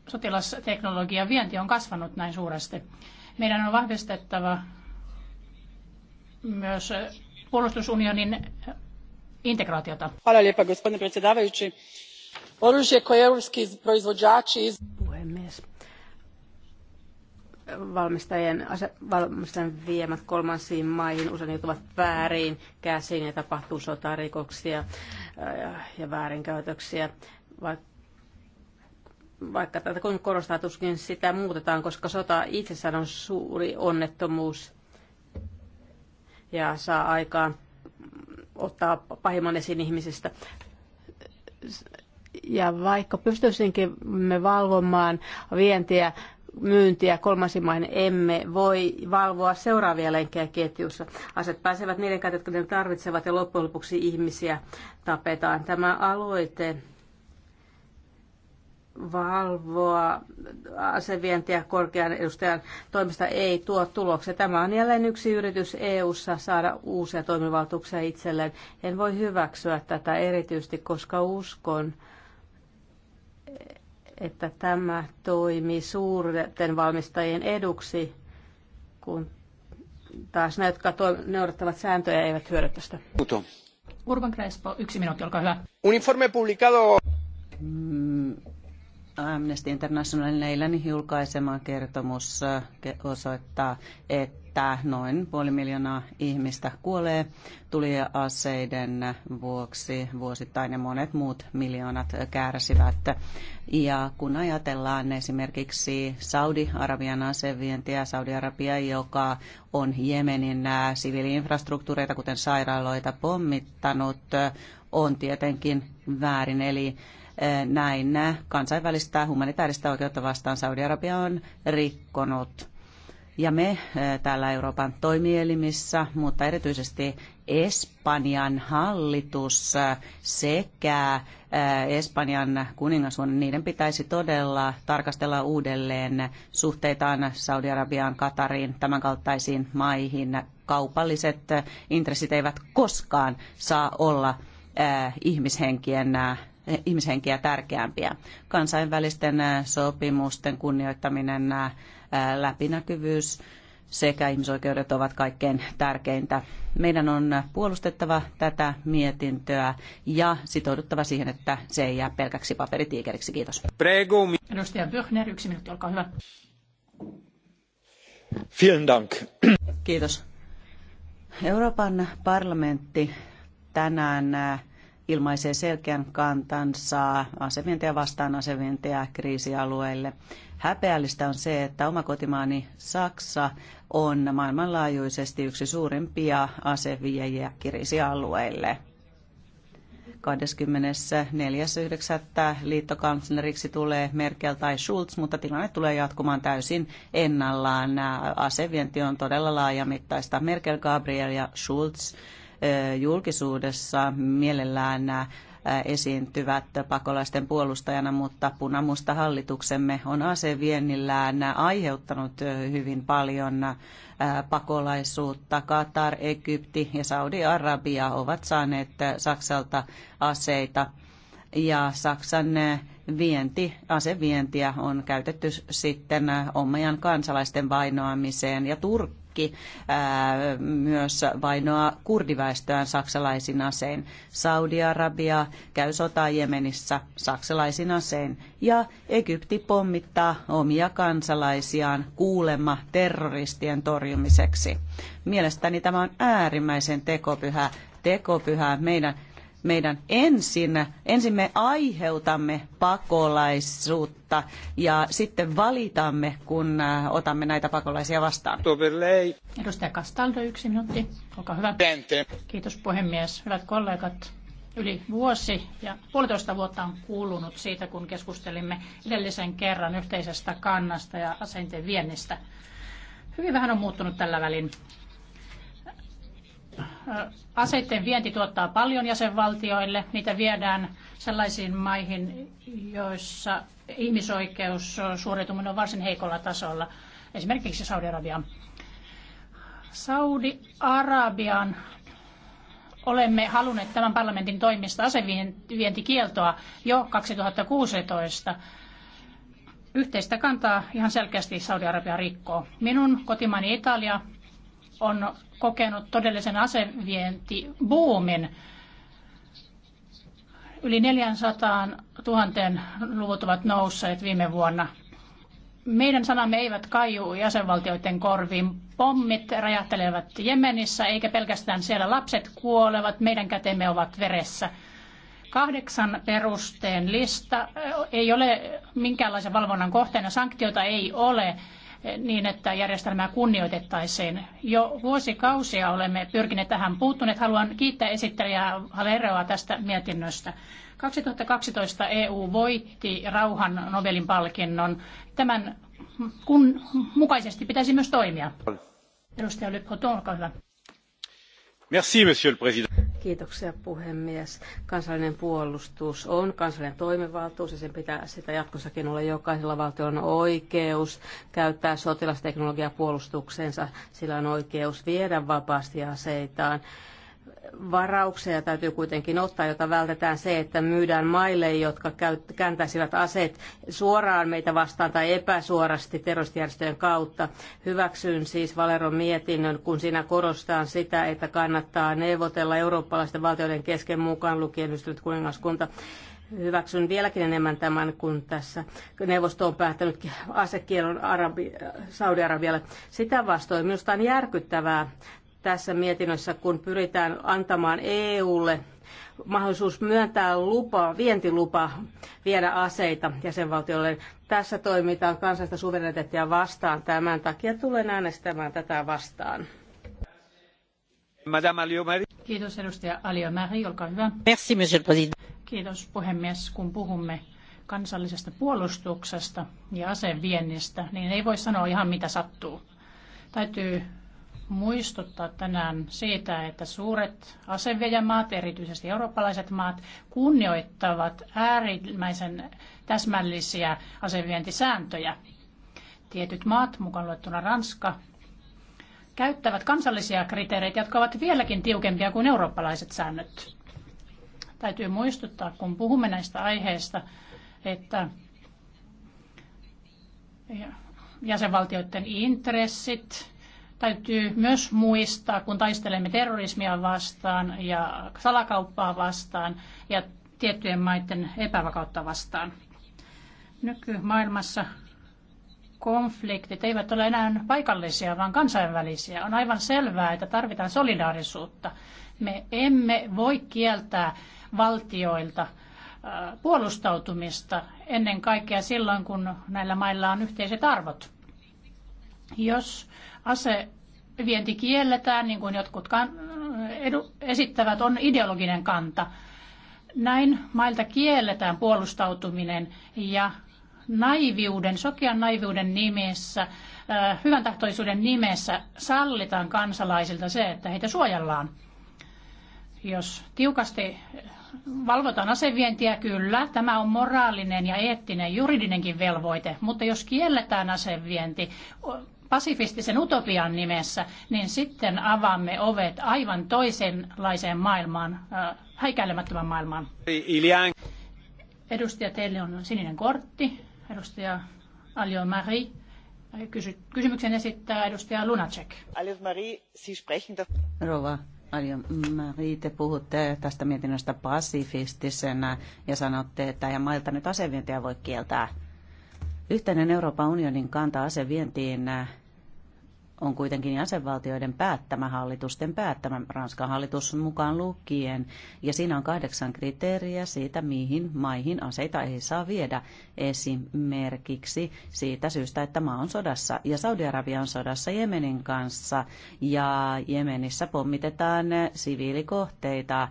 [SPEAKER 5] sotilasteknologian vienti on kasvanut näin suuresti. Meidän on vahvistettava myös puolustusunionin integraatiota.
[SPEAKER 6] Puhemies valmistajien, valmistajien viemät kolmansiin maihin usein joutuvat väärin käsiin ja tapahtuu sotarikoksia ja väärinkäytöksiä, vaikka vaikka tätä kun korostaa tuskin sitä muutetaan, koska sota itsessään on suuri onnettomuus ja saa aikaan ottaa pahimman esiin ihmisistä. Ja vaikka pystyisinkin me valvomaan vientiä, myyntiä kolmansin maihin emme voi valvoa seuraavia lenkkejä ketjussa. Aset pääsevät niiden kautta, jotka ne tarvitsevat ja loppujen lopuksi ihmisiä tapetaan. Tämä aloite valvoa asevientiä korkean edustajan toimesta ei tuo tuloksia. Tämä on jälleen yksi yritys EU-ssa saada uusia toimivaltuuksia itselleen. En voi hyväksyä tätä erityisesti, koska uskon, että tämä toimii suurten valmistajien eduksi, kun taas ne, jotka noudattavat sääntöjä, eivät hyödy tästä. Urban Crespo,
[SPEAKER 5] yksi
[SPEAKER 4] minuutti, olkaa hyvä. Un informe publicado... Mm, Amnesty Internationalin eilen julkaisema kertomus äh, osoittaa, että noin puoli miljoonaa ihmistä kuolee tuliaseiden vuoksi vuosittain ja monet muut miljoonat kärsivät. Ja kun ajatellaan esimerkiksi Saudi-Arabian asevientiä, Saudi-Arabia, joka on Jemenin äh, siviiliinfrastruktuureita, kuten sairaaloita, pommittanut, äh, on tietenkin väärin. Eli näin kansainvälistä humanitaarista oikeutta vastaan Saudi-Arabia on rikkonut. Ja me eh, täällä Euroopan toimielimissä, mutta erityisesti Espanjan hallitus eh, sekä eh, Espanjan kuningashuone, niiden pitäisi todella tarkastella uudelleen suhteitaan Saudi-Arabiaan, Katariin, tämänkaltaisiin maihin. Kaupalliset intressit eivät koskaan saa olla ihmishenkien ihmishenkiä tärkeämpiä. Kansainvälisten sopimusten kunnioittaminen, läpinäkyvyys sekä ihmisoikeudet ovat kaikkein tärkeintä. Meidän on puolustettava tätä mietintöä ja sitouduttava siihen, että se ei jää pelkäksi paperitiikeriksi. Kiitos. Edustaja Böchner, yksi minuutti, olkaa hyvä. Vielen Dank. Kiitos. Euroopan parlamentti tänään ilmaisee selkeän kantansa asevientiä vastaan asevientiä kriisialueille. Häpeällistä on se, että oma kotimaani Saksa on maailmanlaajuisesti yksi suurimpia aseviejä kriisialueille. 24.9. liittokansleriksi tulee Merkel tai Schulz, mutta tilanne tulee jatkumaan täysin ennallaan. Asevienti on todella laajamittaista. Merkel, Gabriel ja Schulz julkisuudessa mielellään esiintyvät pakolaisten puolustajana, mutta punamusta hallituksemme on aseviennillään aiheuttanut hyvin paljon pakolaisuutta. Katar, Egypti ja Saudi-Arabia ovat saaneet Saksalta aseita ja Saksan vienti, asevientiä on käytetty sitten omien kansalaisten vainoamiseen ja Turkki Turkki myös vainoa kurdiväestöään saksalaisin asein. Saudi-Arabia käy sotaa Jemenissä saksalaisin asein. Ja Egypti pommittaa omia kansalaisiaan kuulemma terroristien torjumiseksi. Mielestäni tämä on äärimmäisen tekopyhä tekopyhä meidän meidän ensin, ensin me aiheutamme pakolaisuutta ja sitten valitamme, kun äh, otamme näitä pakolaisia vastaan. Edustaja
[SPEAKER 5] Castaldo, yksi minuutti. Olkaa
[SPEAKER 4] hyvä. Kiitos puhemies. Hyvät kollegat.
[SPEAKER 5] Yli vuosi ja puolitoista vuotta on kulunut siitä, kun keskustelimme edellisen kerran yhteisestä kannasta ja asenteen viennistä. Hyvin vähän on muuttunut tällä välin aseiden vienti tuottaa paljon jäsenvaltioille. Niitä viedään sellaisiin maihin, joissa ihmisoikeus suoriutuminen on varsin heikolla tasolla, esimerkiksi Saudi-Arabiaan. Saudi-Arabian olemme halunneet tämän parlamentin toimista asevientikieltoa jo 2016. Yhteistä kantaa ihan selkeästi Saudi-Arabia rikkoo. Minun kotimaani Italia on kokenut todellisen asevientibuumin. Yli 400 000 luvut ovat nousseet viime vuonna. Meidän sanamme eivät kaiju jäsenvaltioiden korviin. Pommit räjähtelevät Jemenissä, eikä pelkästään siellä lapset kuolevat, meidän kätemme ovat veressä kahdeksan perusteen lista ei ole minkäänlaisen valvonnan kohteena, sanktioita ei ole niin, että järjestelmää kunnioitettaisiin. Jo vuosikausia olemme pyrkineet tähän puuttuneet. Haluan kiittää esittelijää Haleroa tästä mietinnöstä. 2012 EU voitti rauhan Nobelin palkinnon. Tämän kun mukaisesti pitäisi myös toimia. Edustaja
[SPEAKER 6] olkaa hyvä.
[SPEAKER 1] Merci, monsieur le président.
[SPEAKER 6] Kiitoksia puhemies. Kansallinen puolustus on kansallinen toimivaltuus ja sen pitää sitä jatkossakin olla. Jokaisella valtiolla on oikeus käyttää sotilasteknologiaa puolustukseensa. Sillä on oikeus viedä vapaasti aseitaan varauksia täytyy kuitenkin ottaa, jota vältetään se, että myydään maille, jotka kääntäisivät aseet suoraan meitä vastaan tai epäsuorasti terroristijärjestöjen kautta. Hyväksyn siis Valeron mietinnön, kun siinä korostaa sitä, että kannattaa neuvotella eurooppalaisten valtioiden kesken mukaan lukien ystävät kuningaskunta hyväksyn vieläkin enemmän tämän, kun tässä neuvosto on päättänyt asekielon Arabi, Saudi-Arabialle. Sitä vastoin minusta on järkyttävää tässä mietinnössä, kun pyritään antamaan EUlle mahdollisuus myöntää lupa, vientilupa viedä aseita jäsenvaltiolle. Tässä toimitaan kansallista suvereniteettia vastaan. Tämän takia tulen äänestämään tätä vastaan.
[SPEAKER 1] Madame
[SPEAKER 5] Kiitos edustaja
[SPEAKER 6] Aliomari,
[SPEAKER 5] olkaa hyvä. Merci, monsieur le président. Kiitos puhemies. Kun puhumme kansallisesta puolustuksesta ja aseviennistä, niin ei voi sanoa ihan mitä sattuu. Täytyy muistuttaa tänään siitä, että suuret asevejamaat, erityisesti eurooppalaiset maat, kunnioittavat äärimmäisen täsmällisiä asevientisääntöjä. Tietyt maat, mukaan luettuna Ranska, käyttävät kansallisia kriteereitä, jotka ovat vieläkin tiukempia kuin eurooppalaiset säännöt. Täytyy muistuttaa, kun puhumme näistä aiheista, että jäsenvaltioiden intressit, Täytyy myös muistaa, kun taistelemme terrorismia vastaan ja salakauppaa vastaan ja tiettyjen maiden epävakautta vastaan. Nykymaailmassa konfliktit eivät ole enää paikallisia, vaan kansainvälisiä. On aivan selvää, että tarvitaan solidaarisuutta. Me emme voi kieltää valtioilta puolustautumista ennen kaikkea silloin, kun näillä mailla on yhteiset arvot. Jos ase vienti kielletään, niin kuin jotkut edu- esittävät, on ideologinen kanta. Näin mailta kielletään puolustautuminen ja naiviuden, sokean naiviuden nimessä, äh, hyvän tahtoisuuden nimessä sallitaan kansalaisilta se, että heitä suojellaan. Jos tiukasti valvotaan asevientiä, kyllä, tämä on moraalinen ja eettinen, juridinenkin velvoite, mutta jos kielletään asevienti, pasifistisen utopian nimessä, niin sitten avaamme ovet aivan toisenlaiseen maailmaan, häikäilemättömän maailmaan. Edustaja, teille on sininen kortti. Edustaja Aljo Marie. Kysy- kysymyksen esittää edustaja Lunacek.
[SPEAKER 2] Aljo Marie,
[SPEAKER 4] Sie sprechen Rova Alio Marie, te puhutte tästä mietinnöstä pasifistisenä ja sanotte, että ja mailta nyt asevientiä voi kieltää Yhteinen Euroopan unionin kanta asevientiin äh, on kuitenkin jäsenvaltioiden päättämä hallitusten päättämä, Ranskan hallitus mukaan lukien, ja siinä on kahdeksan kriteeriä siitä, mihin maihin aseita ei saa viedä esimerkiksi siitä syystä, että maa on sodassa, ja Saudi-Arabia on sodassa Jemenin kanssa, ja Jemenissä pommitetaan äh, siviilikohteita,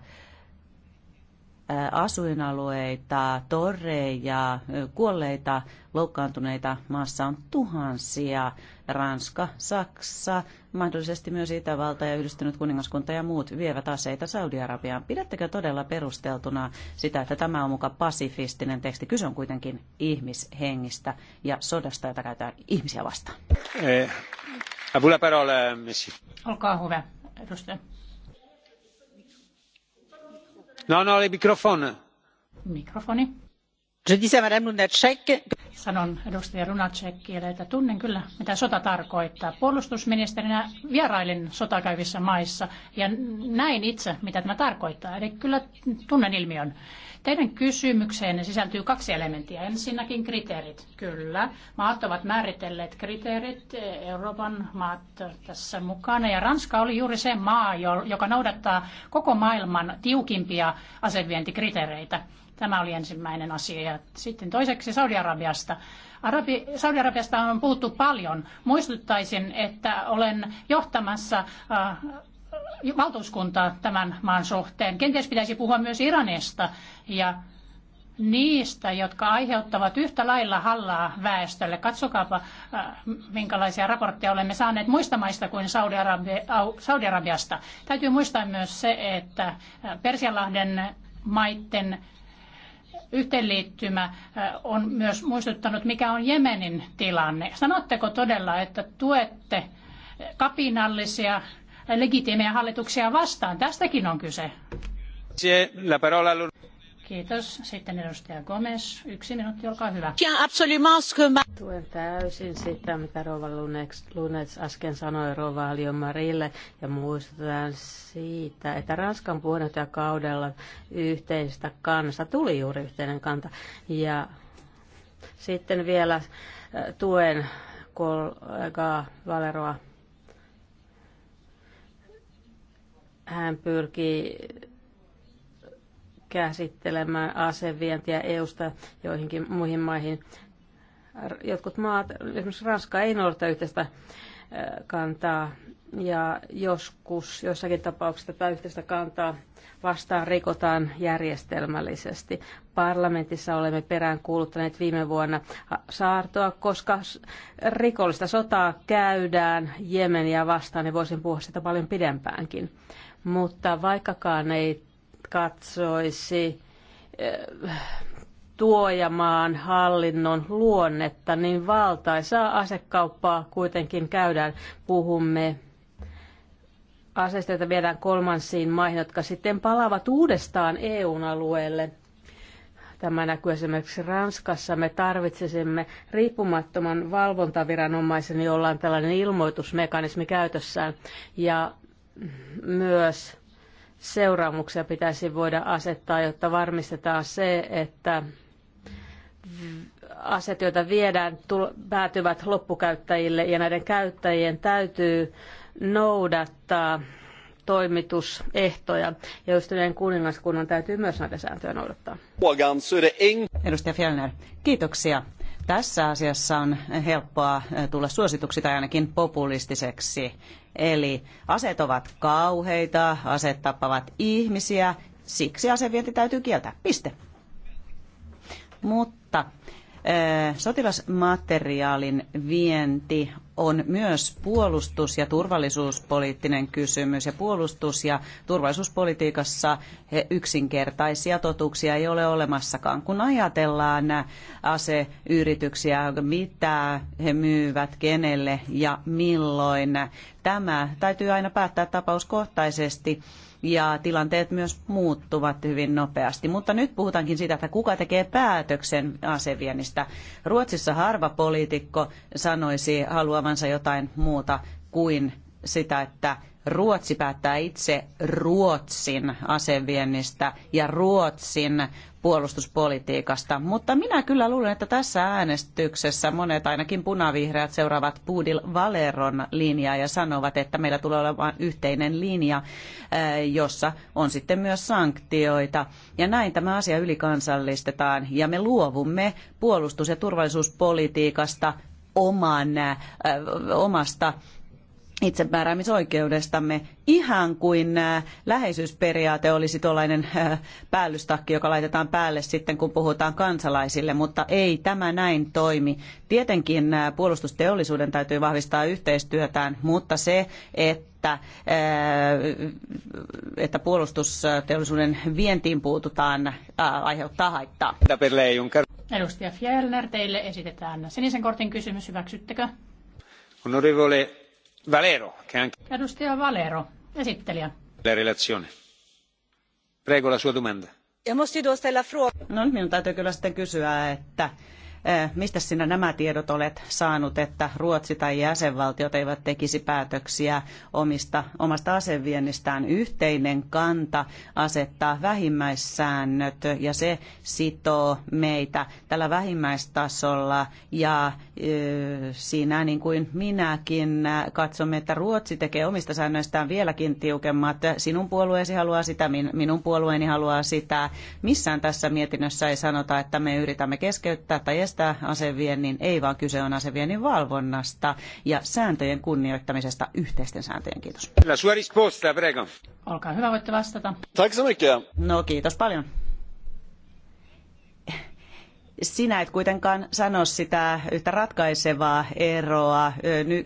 [SPEAKER 4] asuinalueita, torreja, kuolleita, loukkaantuneita maassa on tuhansia. Ranska, Saksa, mahdollisesti myös Itävalta ja yhdistynyt kuningaskunta ja muut vievät aseita Saudi-Arabiaan. Pidättekö todella perusteltuna sitä, että tämä on muka pasifistinen teksti? Kyse on kuitenkin ihmishengistä ja sodasta, jota käytetään ihmisiä vastaan.
[SPEAKER 1] Eh, parole,
[SPEAKER 4] Olkaa hyvä, edustaja.
[SPEAKER 1] No, no, mikrofon.
[SPEAKER 5] Mikrofoni. Sanon edustaja Lunacekille, että tunnen kyllä, mitä sota tarkoittaa. Puolustusministerinä vierailin sotakäyvissä maissa ja näin itse, mitä tämä tarkoittaa. Eli kyllä tunnen ilmiön. Teidän kysymykseenne sisältyy kaksi elementtiä. Ensinnäkin kriteerit. Kyllä, maat ovat määritelleet kriteerit, Euroopan maat tässä mukana. Ja Ranska oli juuri se maa, joka noudattaa koko maailman tiukimpia asevientikriteereitä. Tämä oli ensimmäinen asia. Ja sitten toiseksi Saudi-Arabiasta. Arabi, Saudi-Arabiasta on puhuttu paljon. Muistuttaisin, että olen johtamassa äh, valtuuskuntaa tämän maan suhteen. Kenties pitäisi puhua myös Iranista ja niistä, jotka aiheuttavat yhtä lailla hallaa väestölle. Katsokaapa, äh, minkälaisia raportteja olemme saaneet muista maista kuin Saudi-Arabiasta. Täytyy muistaa myös se, että äh, Persianlahden maiden yhteenliittymä äh, on myös muistuttanut, mikä on Jemenin tilanne. Sanotteko todella, että tuette kapinallisia legitiimejä hallituksia vastaan. Tästäkin on kyse. Kiitos. Sitten edustaja Gomes. Yksi minuutti, olkaa hyvä.
[SPEAKER 6] Tuen täysin sitä, mitä Rova Lunets, Lunets äsken sanoi Rova Marille ja muistetaan siitä, että Ranskan puheenjohtajakaudella yhteistä kansa tuli juuri yhteinen kanta. Ja sitten vielä äh, tuen kollegaa Valeroa hän pyrkii käsittelemään asevientiä EUsta joihinkin muihin maihin. Jotkut maat, esimerkiksi Ranska, ei noudata yhteistä kantaa ja joskus joissakin tapauksissa tätä yhteistä kantaa vastaan rikotaan järjestelmällisesti. Parlamentissa olemme perään kuuluttaneet viime vuonna saartoa, koska rikollista sotaa käydään Jemeniä vastaan ja niin voisin puhua sitä paljon pidempäänkin mutta vaikkakaan ei katsoisi eh, tuojamaan hallinnon luonnetta, niin valtaisaa asekauppaa kuitenkin käydään. Puhumme aseista, joita viedään kolmansiin maihin, jotka sitten palaavat uudestaan EU-alueelle. Tämä näkyy esimerkiksi Ranskassa. Me tarvitsisimme riippumattoman valvontaviranomaisen, jolla on tällainen ilmoitusmekanismi käytössään. Ja myös seuraamuksia pitäisi voida asettaa, jotta varmistetaan se, että aset, joita viedään, päätyvät loppukäyttäjille ja näiden käyttäjien täytyy noudattaa toimitusehtoja. Ja yhdistyneen kuningaskunnan täytyy myös näitä sääntöjä
[SPEAKER 4] noudattaa. Edustaja Fjellner, kiitoksia. Tässä asiassa on helppoa eh, tulla suosituksi tai ainakin populistiseksi. Eli aseet ovat kauheita, aseet tappavat ihmisiä, siksi asevienti täytyy kieltää. Piste. Mutta eh, sotilasmateriaalin vienti on myös puolustus- ja turvallisuuspoliittinen kysymys. Ja puolustus- ja turvallisuuspolitiikassa yksinkertaisia totuuksia ei ole olemassakaan. Kun ajatellaan aseyrityksiä, mitä he myyvät, kenelle ja milloin, tämä täytyy aina päättää tapauskohtaisesti ja tilanteet myös muuttuvat hyvin nopeasti. Mutta nyt puhutaankin siitä, että kuka tekee päätöksen aseviennistä. Ruotsissa harva poliitikko sanoisi haluavan tarkoittavansa jotain muuta kuin sitä, että Ruotsi päättää itse Ruotsin aseviennistä ja Ruotsin puolustuspolitiikasta. Mutta minä kyllä luulen, että tässä äänestyksessä monet ainakin punavihreät seuraavat Puudil Valeron linjaa ja sanovat, että meillä tulee olemaan yhteinen linja, eh, jossa on sitten myös sanktioita. Ja näin tämä asia ylikansallistetaan ja me luovumme puolustus- ja turvallisuuspolitiikasta oman, äh, omasta itsemääräämisoikeudestamme, ihan kuin äh, läheisyysperiaate olisi tuollainen äh, päällystakki, joka laitetaan päälle sitten, kun puhutaan kansalaisille, mutta ei tämä näin toimi. Tietenkin puolustusteollisuuden täytyy vahvistaa yhteistyötään, mutta se, että, että puolustusteollisuuden vientiin puututaan, aiheuttaa haittaa.
[SPEAKER 5] Edustaja Fjellner, teille esitetään sinisen kortin kysymys. Hyväksyttekö?
[SPEAKER 1] Onorevole Valero.
[SPEAKER 5] Edustaja
[SPEAKER 4] Valero, esittelijä.
[SPEAKER 1] La relazione. Prego la sua domanda.
[SPEAKER 4] No, minun täytyy kyllä sitten kysyä, että Äh, Mistä sinä nämä tiedot olet saanut, että Ruotsi tai jäsenvaltiot eivät tekisi päätöksiä omista, omasta aseviennistään? Yhteinen kanta asettaa vähimmäissäännöt ja se sitoo meitä tällä vähimmäistasolla ja äh, siinä niin kuin minäkin katsomme, että Ruotsi tekee omista säännöistään vieläkin tiukemmat. Sinun puolueesi haluaa sitä, minun puolueeni haluaa sitä. Missään tässä mietinnössä ei sanota, että me yritämme keskeyttää tai estää tästä aseviennin, ei vaan kyse on aseviennin valvonnasta ja sääntöjen kunnioittamisesta, yhteisten sääntöjen. Kiitos.
[SPEAKER 3] La sua risposta, prego.
[SPEAKER 4] Olkaa hyvä, voitte vastata.
[SPEAKER 3] Tack så mycket.
[SPEAKER 4] No kiitos paljon. Sinä et kuitenkaan sano sitä yhtä ratkaisevaa eroa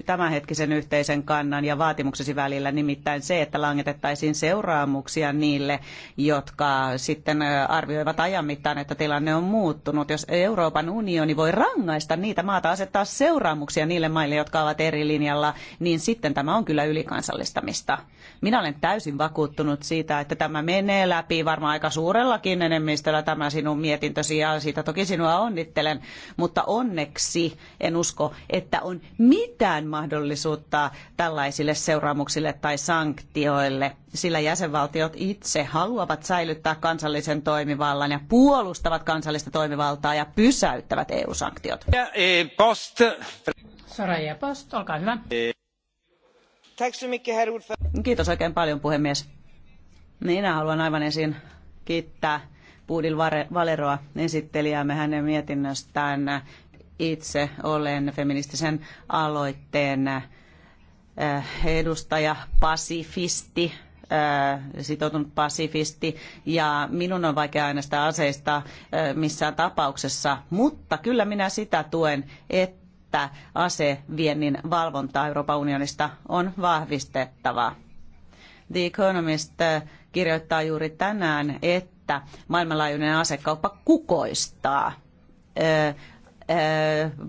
[SPEAKER 4] tämänhetkisen yhteisen kannan ja vaatimuksesi välillä, nimittäin se, että langetettaisiin seuraamuksia niille, jotka sitten arvioivat ajan mittaan, että tilanne on muuttunut. Jos Euroopan unioni voi rangaista niitä maata, asettaa seuraamuksia niille maille, jotka ovat eri linjalla, niin sitten tämä on kyllä ylikansallistamista. Minä olen täysin vakuuttunut siitä, että tämä menee läpi varmaan aika suurellakin enemmistöllä tämä sinun mietintösi ja siitä toki sinun sinua onnittelen, mutta onneksi en usko, että on mitään mahdollisuutta tällaisille seuraamuksille tai sanktioille, sillä jäsenvaltiot itse haluavat säilyttää kansallisen toimivallan ja puolustavat kansallista toimivaltaa ja pysäyttävät EU-sanktiot.
[SPEAKER 3] E, post.
[SPEAKER 4] Soraya
[SPEAKER 5] Post, olkaa hyvä. E.
[SPEAKER 4] Kiitos oikein paljon puhemies. Minä haluan aivan ensin kiittää Budil Valeroa esittelijäämme hänen mietinnöstään. Itse olen feministisen aloitteen äh, edustaja, pasifisti, äh, sitoutunut pasifisti ja minun on vaikea sitä aseista äh, missään tapauksessa, mutta kyllä minä sitä tuen, että aseviennin valvonta Euroopan unionista on vahvistettava. The Economist kirjoittaa juuri tänään, että että maailmanlaajuinen asekauppa kukoistaa.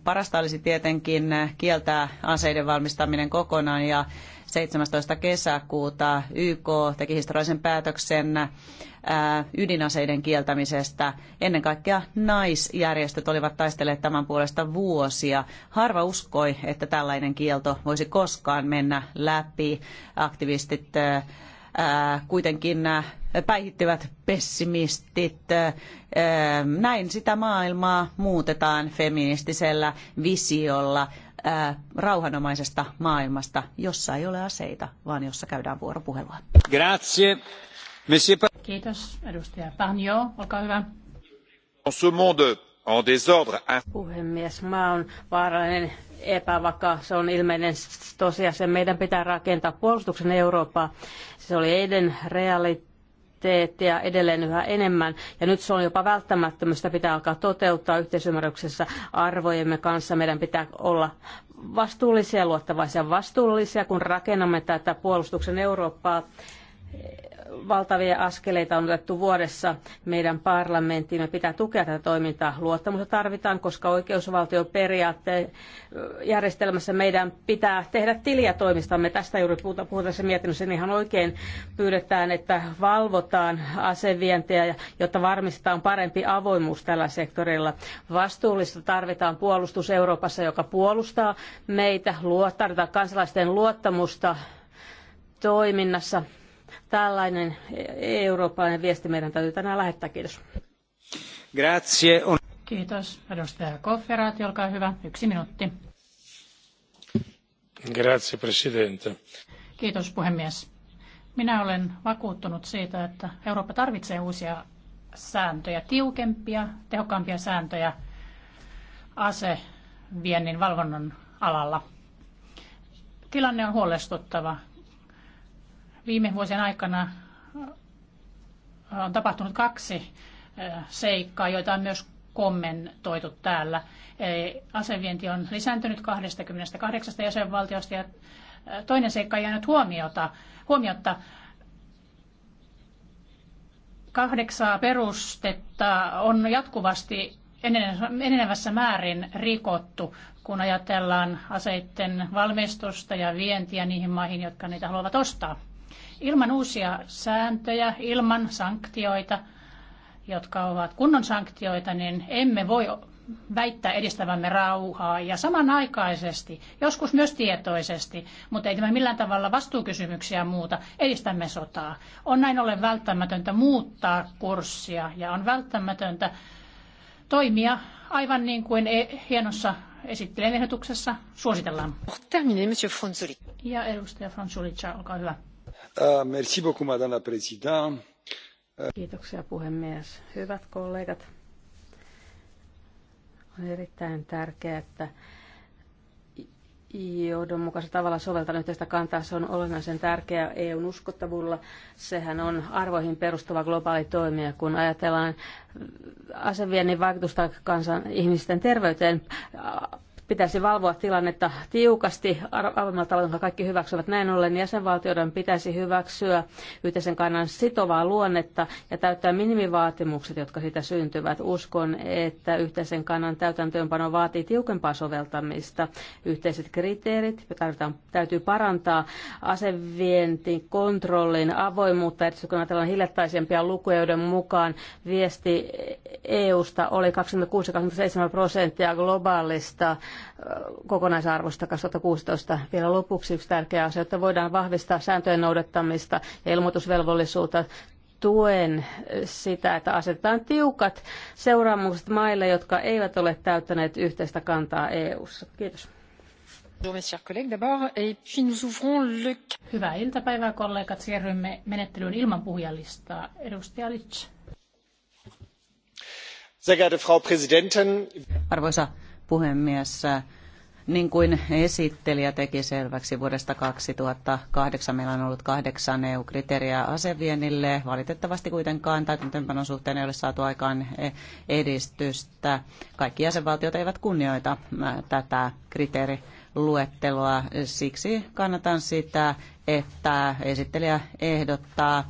[SPEAKER 4] Parasta olisi tietenkin kieltää aseiden valmistaminen kokonaan ja 17. kesäkuuta YK teki historiallisen päätöksen ydinaseiden kieltämisestä. Ennen kaikkea naisjärjestöt olivat taistelleet tämän puolesta vuosia. Harva uskoi, että tällainen kielto voisi koskaan mennä läpi. Aktivistit Äh, kuitenkin äh, päihittivät pessimistit. Äh, näin sitä maailmaa muutetaan feministisellä visiolla rauhanomaisesta maailmasta, jossa ei ole aseita, vaan jossa käydään vuoropuhelua.
[SPEAKER 1] Grazie. Monsieur...
[SPEAKER 6] Kiitos, edustaja Pahnio. Olkaa hyvä. Puhemies, maa on vaarallinen epävakaa. Se on ilmeinen tosiasia. Meidän pitää rakentaa puolustuksen Eurooppaa. Se oli eilen realiteettia edelleen yhä enemmän. Ja nyt se on jopa välttämättömyystä pitää alkaa toteuttaa yhteisymmärryksessä arvojemme kanssa. Meidän pitää olla vastuullisia luottavaisia vastuullisia, kun rakennamme tätä puolustuksen Eurooppaa valtavia askeleita on otettu vuodessa meidän parlamenttiin. Me pitää tukea tätä toimintaa. Luottamusta tarvitaan, koska oikeusvaltioperiaatteen järjestelmässä meidän pitää tehdä tiliä toimistamme. Tästä juuri puhutaan, puhutaan tässä mietinnössä niin ihan oikein pyydetään, että valvotaan asevientiä, jotta varmistetaan parempi avoimuus tällä sektorilla. Vastuullista tarvitaan puolustus Euroopassa, joka puolustaa meitä, luo, tarvitaan kansalaisten luottamusta toiminnassa Tällainen eurooppalainen viesti meidän täytyy tänään lähettää. Kiitos.
[SPEAKER 1] Grazie.
[SPEAKER 5] Kiitos. Edustaja Kofferaati, olkaa hyvä. Yksi minuutti.
[SPEAKER 1] Grazie, Presidente.
[SPEAKER 5] Kiitos, puhemies. Minä olen vakuuttunut siitä, että Eurooppa tarvitsee uusia sääntöjä, tiukempia, tehokkaampia sääntöjä aseviennin valvonnan alalla. Tilanne on huolestuttava. Viime vuosien aikana äh, on tapahtunut kaksi äh, seikkaa, joita on myös kommentoitu täällä. Asevienti on lisääntynyt 28 jäsenvaltiosta ja äh, toinen seikka on jäänyt huomiota, huomiotta. Kahdeksaa perustetta on jatkuvasti enenevässä määrin rikottu, kun ajatellaan aseiden valmistusta ja vientiä niihin maihin, jotka niitä haluavat ostaa. Ilman uusia sääntöjä, ilman sanktioita, jotka ovat kunnon sanktioita, niin emme voi väittää edistävämme rauhaa ja samanaikaisesti, joskus myös tietoisesti, mutta ei tämä millään tavalla vastuukysymyksiä muuta, edistämme sotaa. On näin ollen välttämätöntä muuttaa kurssia ja on välttämätöntä toimia aivan niin kuin e- hienossa esittelijän ehdotuksessa suositellaan. Ja edustaja Fransulic, olkaa hyvä
[SPEAKER 2] arvoisa
[SPEAKER 6] Kiitoksia puhemies. Hyvät kollegat, on erittäin tärkeää, että johdonmukaisella tavalla sovelletaan yhteistä kantaa. Se on olennaisen tärkeää EUn uskottavuudella. Sehän on arvoihin perustuva globaali toimija. Kun ajatellaan aseviennin vaikutusta kansan ihmisten terveyteen, pitäisi valvoa tilannetta tiukasti avoimella tavalla, jonka kaikki hyväksyvät. Näin ollen jäsenvaltioiden pitäisi hyväksyä yhteisen kannan sitovaa luonnetta ja täyttää minimivaatimukset, jotka siitä syntyvät. Uskon, että yhteisen kannan täytäntöönpano vaatii tiukempaa soveltamista. Yhteiset kriteerit tarvitaan, täytyy parantaa asevientin kontrollin avoimuutta, erityisesti kun ajatellaan hiljattaisempia lukuja, joiden mukaan viesti e-, e-, e-, EUsta oli 26-27 prosenttia globaalista kokonaisarvosta 2016. Vielä lopuksi yksi tärkeä asia, että voidaan vahvistaa sääntöjen noudattamista ja ilmoitusvelvollisuutta tuen sitä, että asetetaan tiukat seuraamukset maille, jotka eivät ole täyttäneet yhteistä kantaa EU:ssa. Kiitos.
[SPEAKER 5] Hyvää iltapäivää kollegat. Siirrymme menettelyyn ilman puhujalistaa. Edustaja Litsch.
[SPEAKER 4] Arvoisa puhemies. Niin kuin esittelijä teki selväksi, vuodesta 2008 meillä on ollut kahdeksan EU-kriteeriä aseviennille. Valitettavasti kuitenkaan täytäntöönpanon suhteen ei ole saatu aikaan edistystä. Kaikki jäsenvaltiot eivät kunnioita tätä kriteeriluetteloa. Siksi kannatan sitä, että esittelijä ehdottaa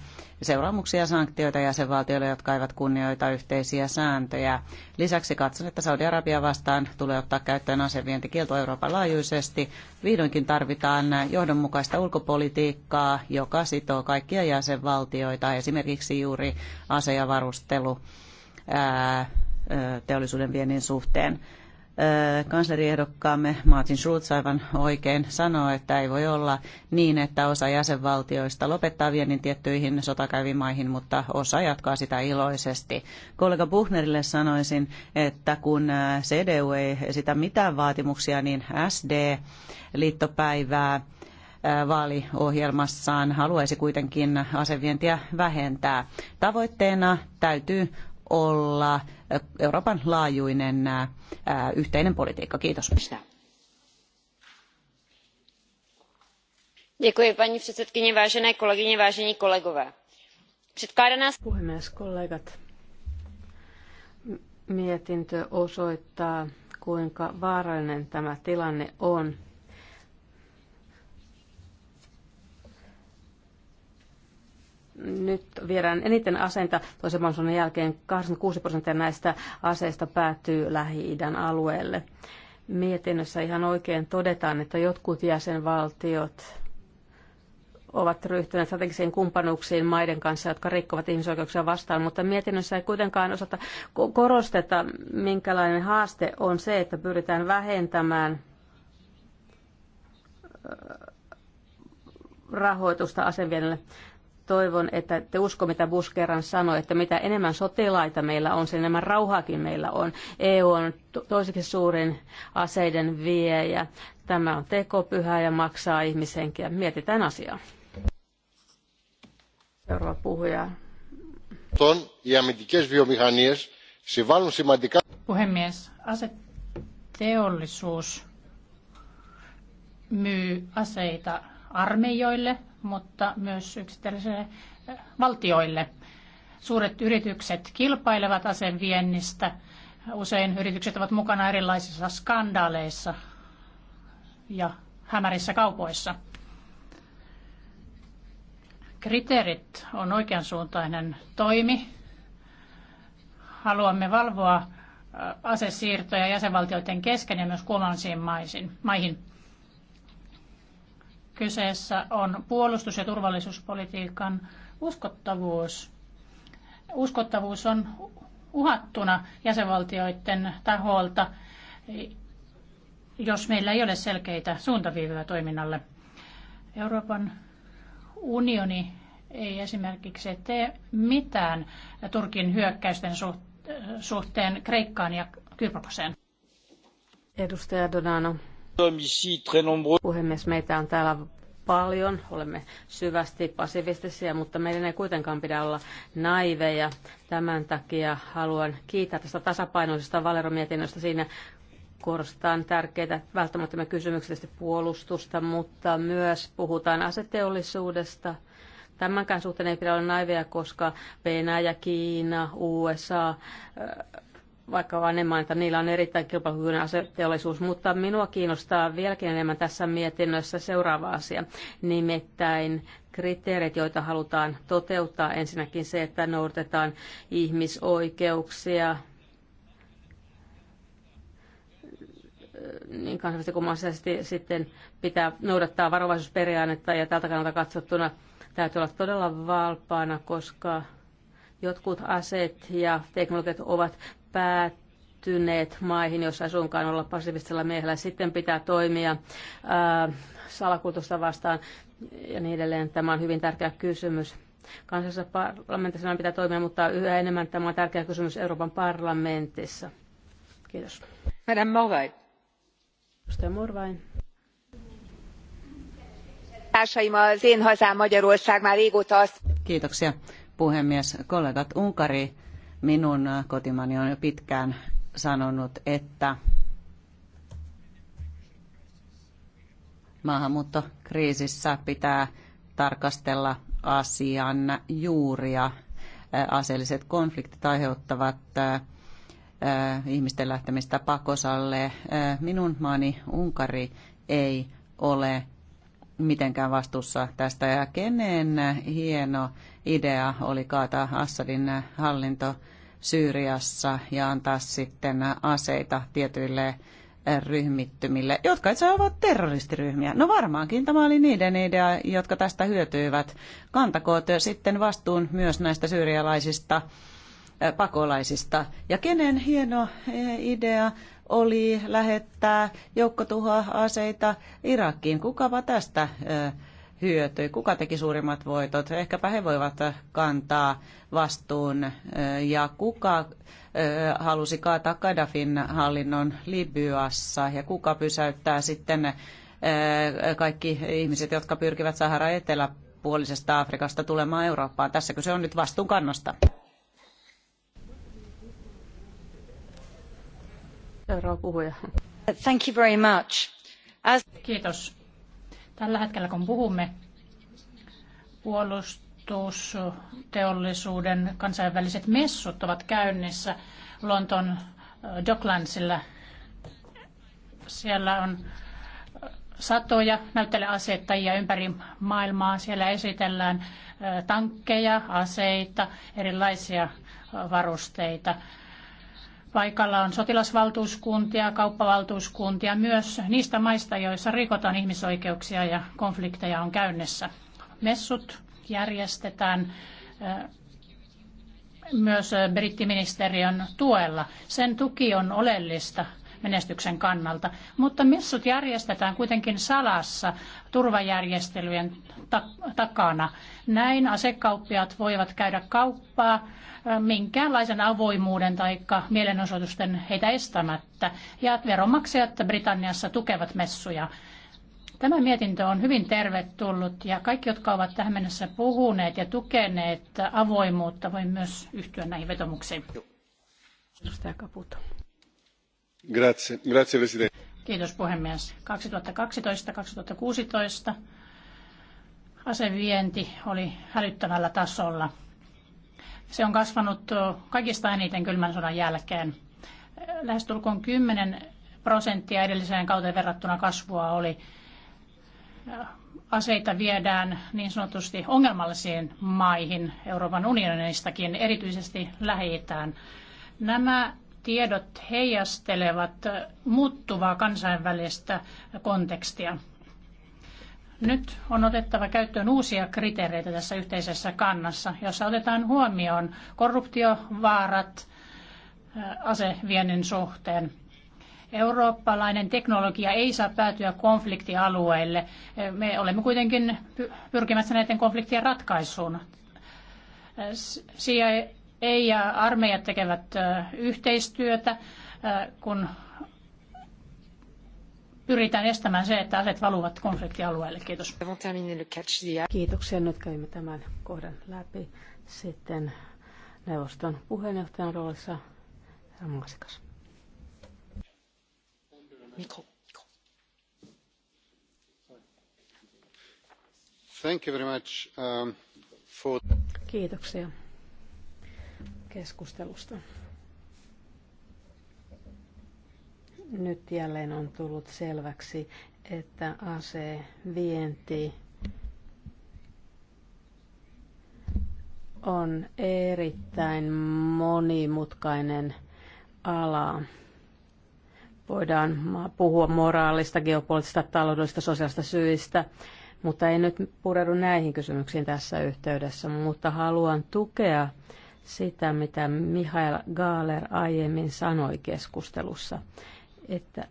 [SPEAKER 4] seuraamuksia ja sanktioita jäsenvaltioille, jotka eivät kunnioita yhteisiä sääntöjä. Lisäksi katson, että Saudi-Arabia vastaan tulee ottaa käyttöön asevientikielto Euroopan laajuisesti. Vihdoinkin tarvitaan johdonmukaista ulkopolitiikkaa, joka sitoo kaikkia jäsenvaltioita, esimerkiksi juuri ase- ja varustelu teollisuuden viennin suhteen kansleriehdokkaamme Martin Schulz aivan oikein sanoo, että ei voi olla niin, että osa jäsenvaltioista lopettaa viennin tiettyihin sotakäyviin maihin, mutta osa jatkaa sitä iloisesti. Kollega Buchnerille sanoisin, että kun CDU ei esitä mitään vaatimuksia, niin SD-liittopäivää vaaliohjelmassaan haluaisi kuitenkin asevientiä vähentää. Tavoitteena täytyy olla Euroopan laajuinen yhteinen politiikka. Kiitos.
[SPEAKER 6] Děkuji, paní předsedkyně, vážené kolegyně, vážení kolegové. Předkládaná... Puhemies, kollegat. Mietintö osoittaa, kuinka vaarallinen tämä tilanne on, nyt viedään eniten aseita toisen maailmansodan jälkeen. 86 prosenttia näistä aseista päätyy Lähi-idän alueelle. Mietinnössä ihan oikein todetaan, että jotkut jäsenvaltiot ovat ryhtyneet strategisiin kumppanuuksiin maiden kanssa, jotka rikkovat ihmisoikeuksia vastaan, mutta mietinnössä ei kuitenkaan osata korosteta, minkälainen haaste on se, että pyritään vähentämään rahoitusta aseviennille toivon, että te usko, mitä Bush kerran sanoi, että mitä enemmän sotilaita meillä on, sen enemmän rauhaakin meillä on. EU on toiseksi suurin aseiden viejä. Tämä on tekopyhä ja maksaa ihmisenkin. Mietitään asiaa. Seuraava puhuja.
[SPEAKER 1] Ton ja mitikes συμβάλλουν σημαντικά.
[SPEAKER 5] Puhemies, aseteollisuus myy aseita armeijoille, mutta myös yksittäisille eh, valtioille. Suuret yritykset kilpailevat aseen viennistä. Usein yritykset ovat mukana erilaisissa skandaaleissa ja hämärissä kaupoissa. Kriteerit on oikeansuuntainen toimi. Haluamme valvoa eh, asesiirtoja jäsenvaltioiden kesken ja myös kolmansiin maihin. Kyseessä on puolustus- ja turvallisuuspolitiikan uskottavuus. Uskottavuus on uhattuna jäsenvaltioiden taholta, jos meillä ei ole selkeitä suuntaviivoja toiminnalle. Euroopan unioni ei esimerkiksi tee mitään Turkin hyökkäysten suhteen Kreikkaan ja Kyprokseen.
[SPEAKER 6] Edustaja Donano. Puhemies, meitä on täällä paljon, olemme syvästi pasifistisia, mutta meidän ei kuitenkaan pidä olla naiveja. Tämän takia haluan kiittää tästä tasapainoisesta Valero-mietinnöstä. Siinä korostetaan tärkeitä välttämättömiä kysymyksiä puolustusta, mutta myös puhutaan aseteollisuudesta. Tämänkään suhteen ei pidä olla naiveja, koska Venäjä, Kiina, USA vaikka vain en mainita, niillä on erittäin kilpailukykyinen aseteollisuus, mutta minua kiinnostaa vieläkin enemmän tässä mietinnössä seuraava asia, nimittäin kriteerit, joita halutaan toteuttaa. Ensinnäkin se, että noudatetaan ihmisoikeuksia, niin kansainvälisesti kuin sitten pitää noudattaa varovaisuusperiaannetta ja tältä kannalta katsottuna täytyy olla todella valpaana, koska jotkut aseet ja teknologiat ovat päättyneet maihin, jos suinkaan olla passiivisella miehellä. Sitten pitää toimia äh, salakultusta vastaan ja niin edelleen. Tämä on hyvin tärkeä kysymys. Kansallisessa parlamentissa pitää toimia, mutta yhä enemmän tämä on tärkeä kysymys Euroopan parlamentissa. Kiitos. Madame Morvain. Edustaja Morvain. magyarország
[SPEAKER 4] kiitoksia puhemies kollegat unkari Minun kotimani on jo pitkään sanonut, että maahanmuuttokriisissä pitää tarkastella asian juuria. Aseelliset konfliktit aiheuttavat ihmisten lähtemistä pakosalle. Minun maani Unkari ei ole mitenkään vastuussa tästä ja kenen hieno idea oli kaataa Assadin hallinto Syyriassa ja antaa sitten aseita tietyille ryhmittymille, jotka itse ovat terroristiryhmiä. No varmaankin tämä oli niiden idea, jotka tästä hyötyivät. Kantakoot sitten vastuun myös näistä syyrialaisista pakolaisista. Ja kenen hieno idea oli lähettää joukkotuhoaseita Irakiin. Kukapa tästä hyötyi? Kuka teki suurimmat voitot? Ehkäpä he voivat kantaa vastuun. Ja kuka halusi kaataa Gaddafin hallinnon Libyassa? Ja kuka pysäyttää sitten kaikki ihmiset, jotka pyrkivät Sahara eteläpuolisesta Afrikasta tulemaan Eurooppaan? Tässäkö se on nyt vastuunkannosta?
[SPEAKER 6] Seuraava puhuja. Thank you very much.
[SPEAKER 5] As... Kiitos. Tällä hetkellä kun puhumme puolustusteollisuuden kansainväliset messut ovat käynnissä Lontoon äh, Docklandsilla. Siellä on äh, satoja näyttelijäasettajia ympäri maailmaa. Siellä esitellään äh, tankkeja, aseita, erilaisia varusteita. Paikalla on sotilasvaltuuskuntia, kauppavaltuuskuntia myös niistä maista, joissa rikotaan ihmisoikeuksia ja konflikteja on käynnissä. Messut järjestetään eh, myös eh, brittiministeriön tuella. Sen tuki on oleellista menestyksen kannalta. Mutta messut järjestetään kuitenkin salassa turvajärjestelyjen takana. Näin asekauppiat voivat käydä kauppaa minkäänlaisen avoimuuden tai mielenosoitusten heitä estämättä. Ja veronmaksajat Britanniassa tukevat messuja. Tämä mietintö on hyvin tervetullut ja kaikki, jotka ovat tähän mennessä puhuneet ja tukeneet avoimuutta, voi myös yhtyä näihin vetomuksiin. Edustaja Kaputo.
[SPEAKER 2] Grazie, grazie kaksituhatta
[SPEAKER 5] Kiitos puhemies. 2012 asevienti oli hälyttävällä tasolla. Se on kasvanut kaikista eniten kylmän sodan jälkeen. Lähestulkoon 10 prosenttia edelliseen kauteen verrattuna kasvua oli. Aseita viedään niin sanotusti ongelmallisiin maihin Euroopan unionistakin, erityisesti lähi -Itään. Nämä tiedot heijastelevat muuttuvaa kansainvälistä kontekstia. Nyt on otettava käyttöön uusia kriteereitä tässä yhteisessä kannassa, jossa otetaan huomioon korruptiovaarat aseviennin suhteen. Eurooppalainen teknologia ei saa päätyä konfliktialueille. Me olemme kuitenkin pyrkimässä näiden konfliktien ratkaisuun. CIA ei ja armeijat tekevät yhteistyötä, kun pyritään
[SPEAKER 6] estämään se, että aseet valuvat konfliktialueelle. Kiitos. Kiitoksia. Nyt käymme tämän kohdan läpi. Sitten neuvoston puheenjohtajan roolissa
[SPEAKER 1] Herra Maasikas.
[SPEAKER 5] Thank you very much, um,
[SPEAKER 1] for...
[SPEAKER 6] Kiitoksia keskustelusta. Nyt jälleen on tullut selväksi, että asevienti on erittäin monimutkainen ala. Voidaan puhua moraalista, geopoliittisista, taloudellisista, sosiaalista syistä, mutta ei nyt pureudu näihin kysymyksiin tässä yhteydessä, mutta haluan tukea sitä, mitä Mihail Gaaler aiemmin sanoi keskustelussa, että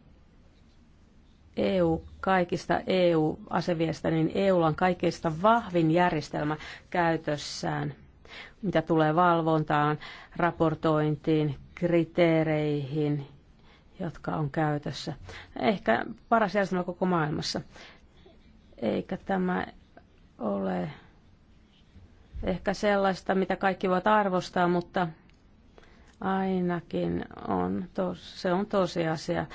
[SPEAKER 6] EU kaikista eu aseviestä niin EU on kaikista vahvin järjestelmä käytössään, mitä tulee valvontaan, raportointiin, kriteereihin, jotka on käytössä. Ehkä paras järjestelmä koko maailmassa. Eikä tämä ole ehkä sellaista, mitä kaikki voivat arvostaa, mutta ainakin on tos, se on tosiasia,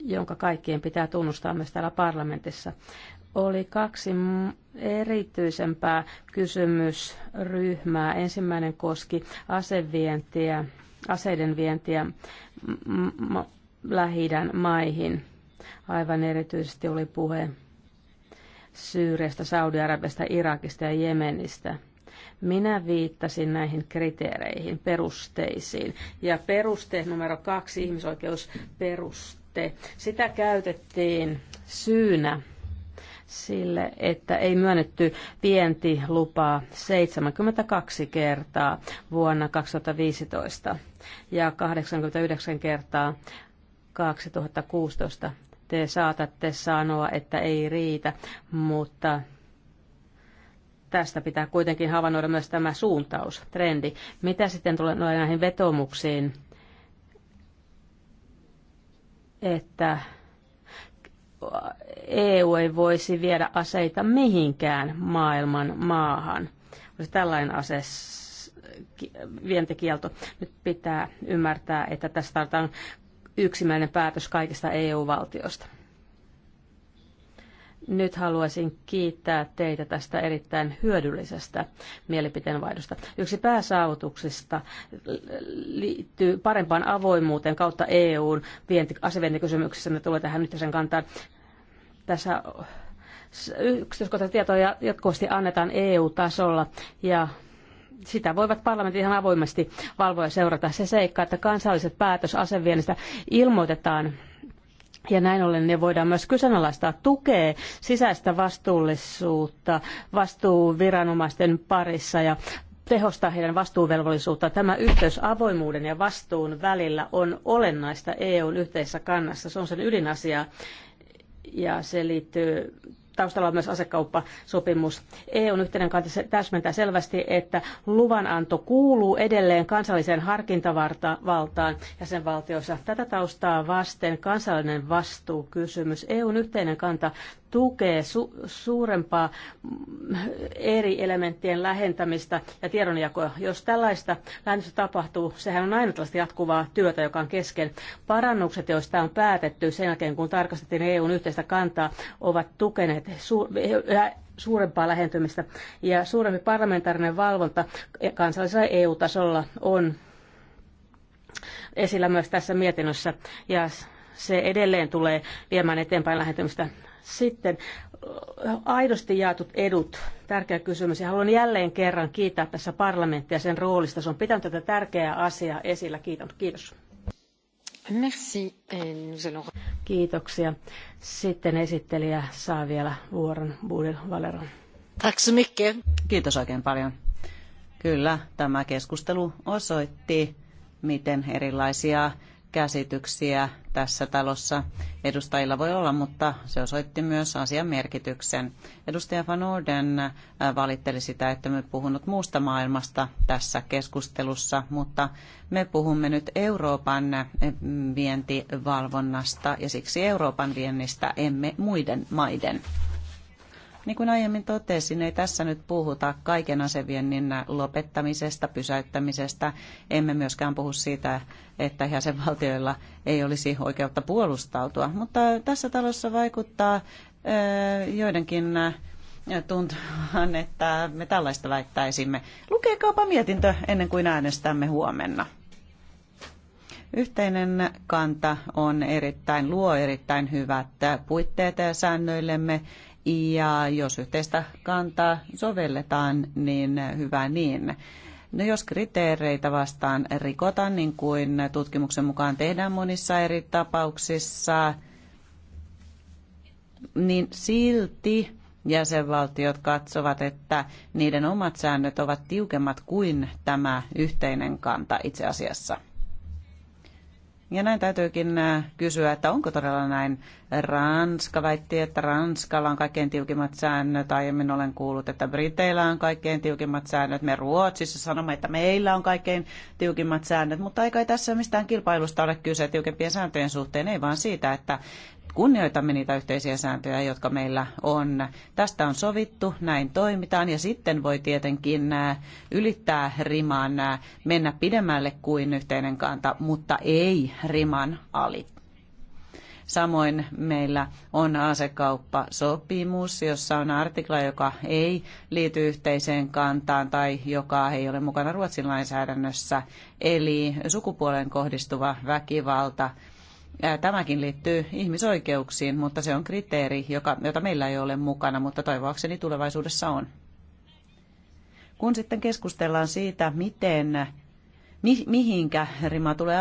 [SPEAKER 6] jonka kaikkien pitää tunnustaa myös täällä parlamentissa. Oli kaksi erityisempää kysymysryhmää. Ensimmäinen koski asevientiä, aseiden vientiä lähidän maihin. Aivan erityisesti oli puhe Syyriasta, Saudi-Arabiasta, Irakista ja Jemenistä. Minä viittasin näihin kriteereihin, perusteisiin. Ja peruste numero kaksi, ihmisoikeusperuste, sitä käytettiin syynä sille, että ei myönnetty vientilupaa 72 kertaa vuonna 2015 ja 89 kertaa 2016 te saatatte sanoa, että ei riitä, mutta tästä pitää kuitenkin havainnoida myös tämä suuntaus, trendi. Mitä sitten tulee näihin vetomuksiin, että EU ei voisi viedä aseita mihinkään maailman maahan. Olisi tällainen ase vientikielto. Nyt pitää ymmärtää, että tässä tarvitaan yksimäinen päätös kaikista EU-valtioista. Nyt haluaisin kiittää teitä tästä erittäin hyödyllisestä mielipiteenvaihdosta. Yksi pääsaavutuksista liittyy parempaan avoimuuteen kautta EUn asevientikysymyksissä. Me tulee tähän yhteisen kantaan. Tässä yksityiskohtaisia tietoja jatkuvasti annetaan EU-tasolla ja sitä voivat parlamentit ihan avoimesti valvoa ja seurata. Se seikka, että kansalliset päätös aseviennistä ilmoitetaan ja näin ollen ne voidaan myös kyseenalaistaa tukea sisäistä vastuullisuutta vastuuviranomaisten parissa ja tehostaa heidän vastuuvelvollisuutta. Tämä yhteys avoimuuden ja vastuun välillä on olennaista EUn yhteisessä kannassa. Se on sen ydinasia ja se liittyy taustalla on myös asekauppasopimus. EUn yhteinen kanta täsmentää selvästi, että luvananto kuuluu edelleen kansalliseen harkintavaltaan jäsenvaltiossa. Tätä taustaa vasten kansallinen vastuukysymys. EUn yhteinen kanta tukee su- suurempaa eri elementtien lähentämistä ja tiedonjakoa. Jos tällaista lähentämistä tapahtuu, sehän on aina tällaista jatkuvaa työtä, joka on kesken. Parannukset, joista on päätetty sen jälkeen, kun tarkastettiin EUn yhteistä kantaa, ovat tukeneet su- suurempaa lähentymistä ja suurempi parlamentaarinen valvonta kansallisella EU-tasolla on esillä myös tässä mietinnössä ja se edelleen tulee viemään eteenpäin lähentymistä sitten aidosti jaetut edut, tärkeä kysymys. Ja haluan jälleen kerran kiittää tässä parlamenttia sen roolista. Se on pitänyt tätä tärkeää asiaa esillä. Kiitos. Kiitos. Merci. Kiitoksia. Sitten esittelijä saa vielä vuoron Budel Valero.
[SPEAKER 4] Kiitos oikein paljon. Kyllä, tämä keskustelu osoitti, miten erilaisia käsityksiä tässä talossa edustajilla voi olla, mutta se osoitti myös asian merkityksen. Edustaja Van Orden äh, valitteli sitä, että me puhunut muusta maailmasta tässä keskustelussa, mutta me puhumme nyt Euroopan äh, vientivalvonnasta ja siksi Euroopan viennistä, emme muiden maiden. Niin kuin aiemmin totesin, ei tässä nyt puhuta kaiken aseviennin lopettamisesta, pysäyttämisestä. Emme myöskään puhu siitä, että jäsenvaltioilla ei olisi oikeutta puolustautua. Mutta tässä talossa vaikuttaa joidenkin tuntuvan, että me tällaista väittäisimme. Lukeekaapa mietintö ennen kuin äänestämme huomenna. Yhteinen kanta on erittäin, luo erittäin hyvät puitteet säännöillemme ja jos yhteistä kantaa sovelletaan, niin hyvä niin. No jos kriteereitä vastaan rikotaan, niin kuin tutkimuksen mukaan tehdään monissa eri tapauksissa, niin silti jäsenvaltiot katsovat, että niiden omat säännöt ovat tiukemmat kuin tämä yhteinen kanta itse asiassa. Ja näin täytyykin äh, kysyä, että onko todella näin. Ranska väitti, että Ranskalla on kaikkein tiukimmat säännöt. Aiemmin olen kuullut, että Briteillä on kaikkein tiukimmat säännöt. Me Ruotsissa sanomme, että meillä on kaikkein tiukimmat säännöt. Mutta ei kai tässä mistään kilpailusta ole kyse tiukempien sääntöjen suhteen. Ei vaan siitä, että kunnioitamme niitä yhteisiä sääntöjä, jotka meillä on. Tästä on sovittu, näin toimitaan ja sitten voi tietenkin äh, ylittää riman, äh, mennä pidemmälle kuin yhteinen kanta, mutta ei riman ali. Samoin meillä on asekauppasopimus, jossa on artikla, joka ei liity yhteiseen kantaan tai joka ei ole mukana Ruotsin lainsäädännössä, eli sukupuoleen kohdistuva väkivalta – Tämäkin liittyy ihmisoikeuksiin, mutta se on kriteeri, joka, jota meillä ei ole mukana, mutta toivoakseni tulevaisuudessa on. Kun sitten keskustellaan siitä, miten, mi, mihinkä rima tulee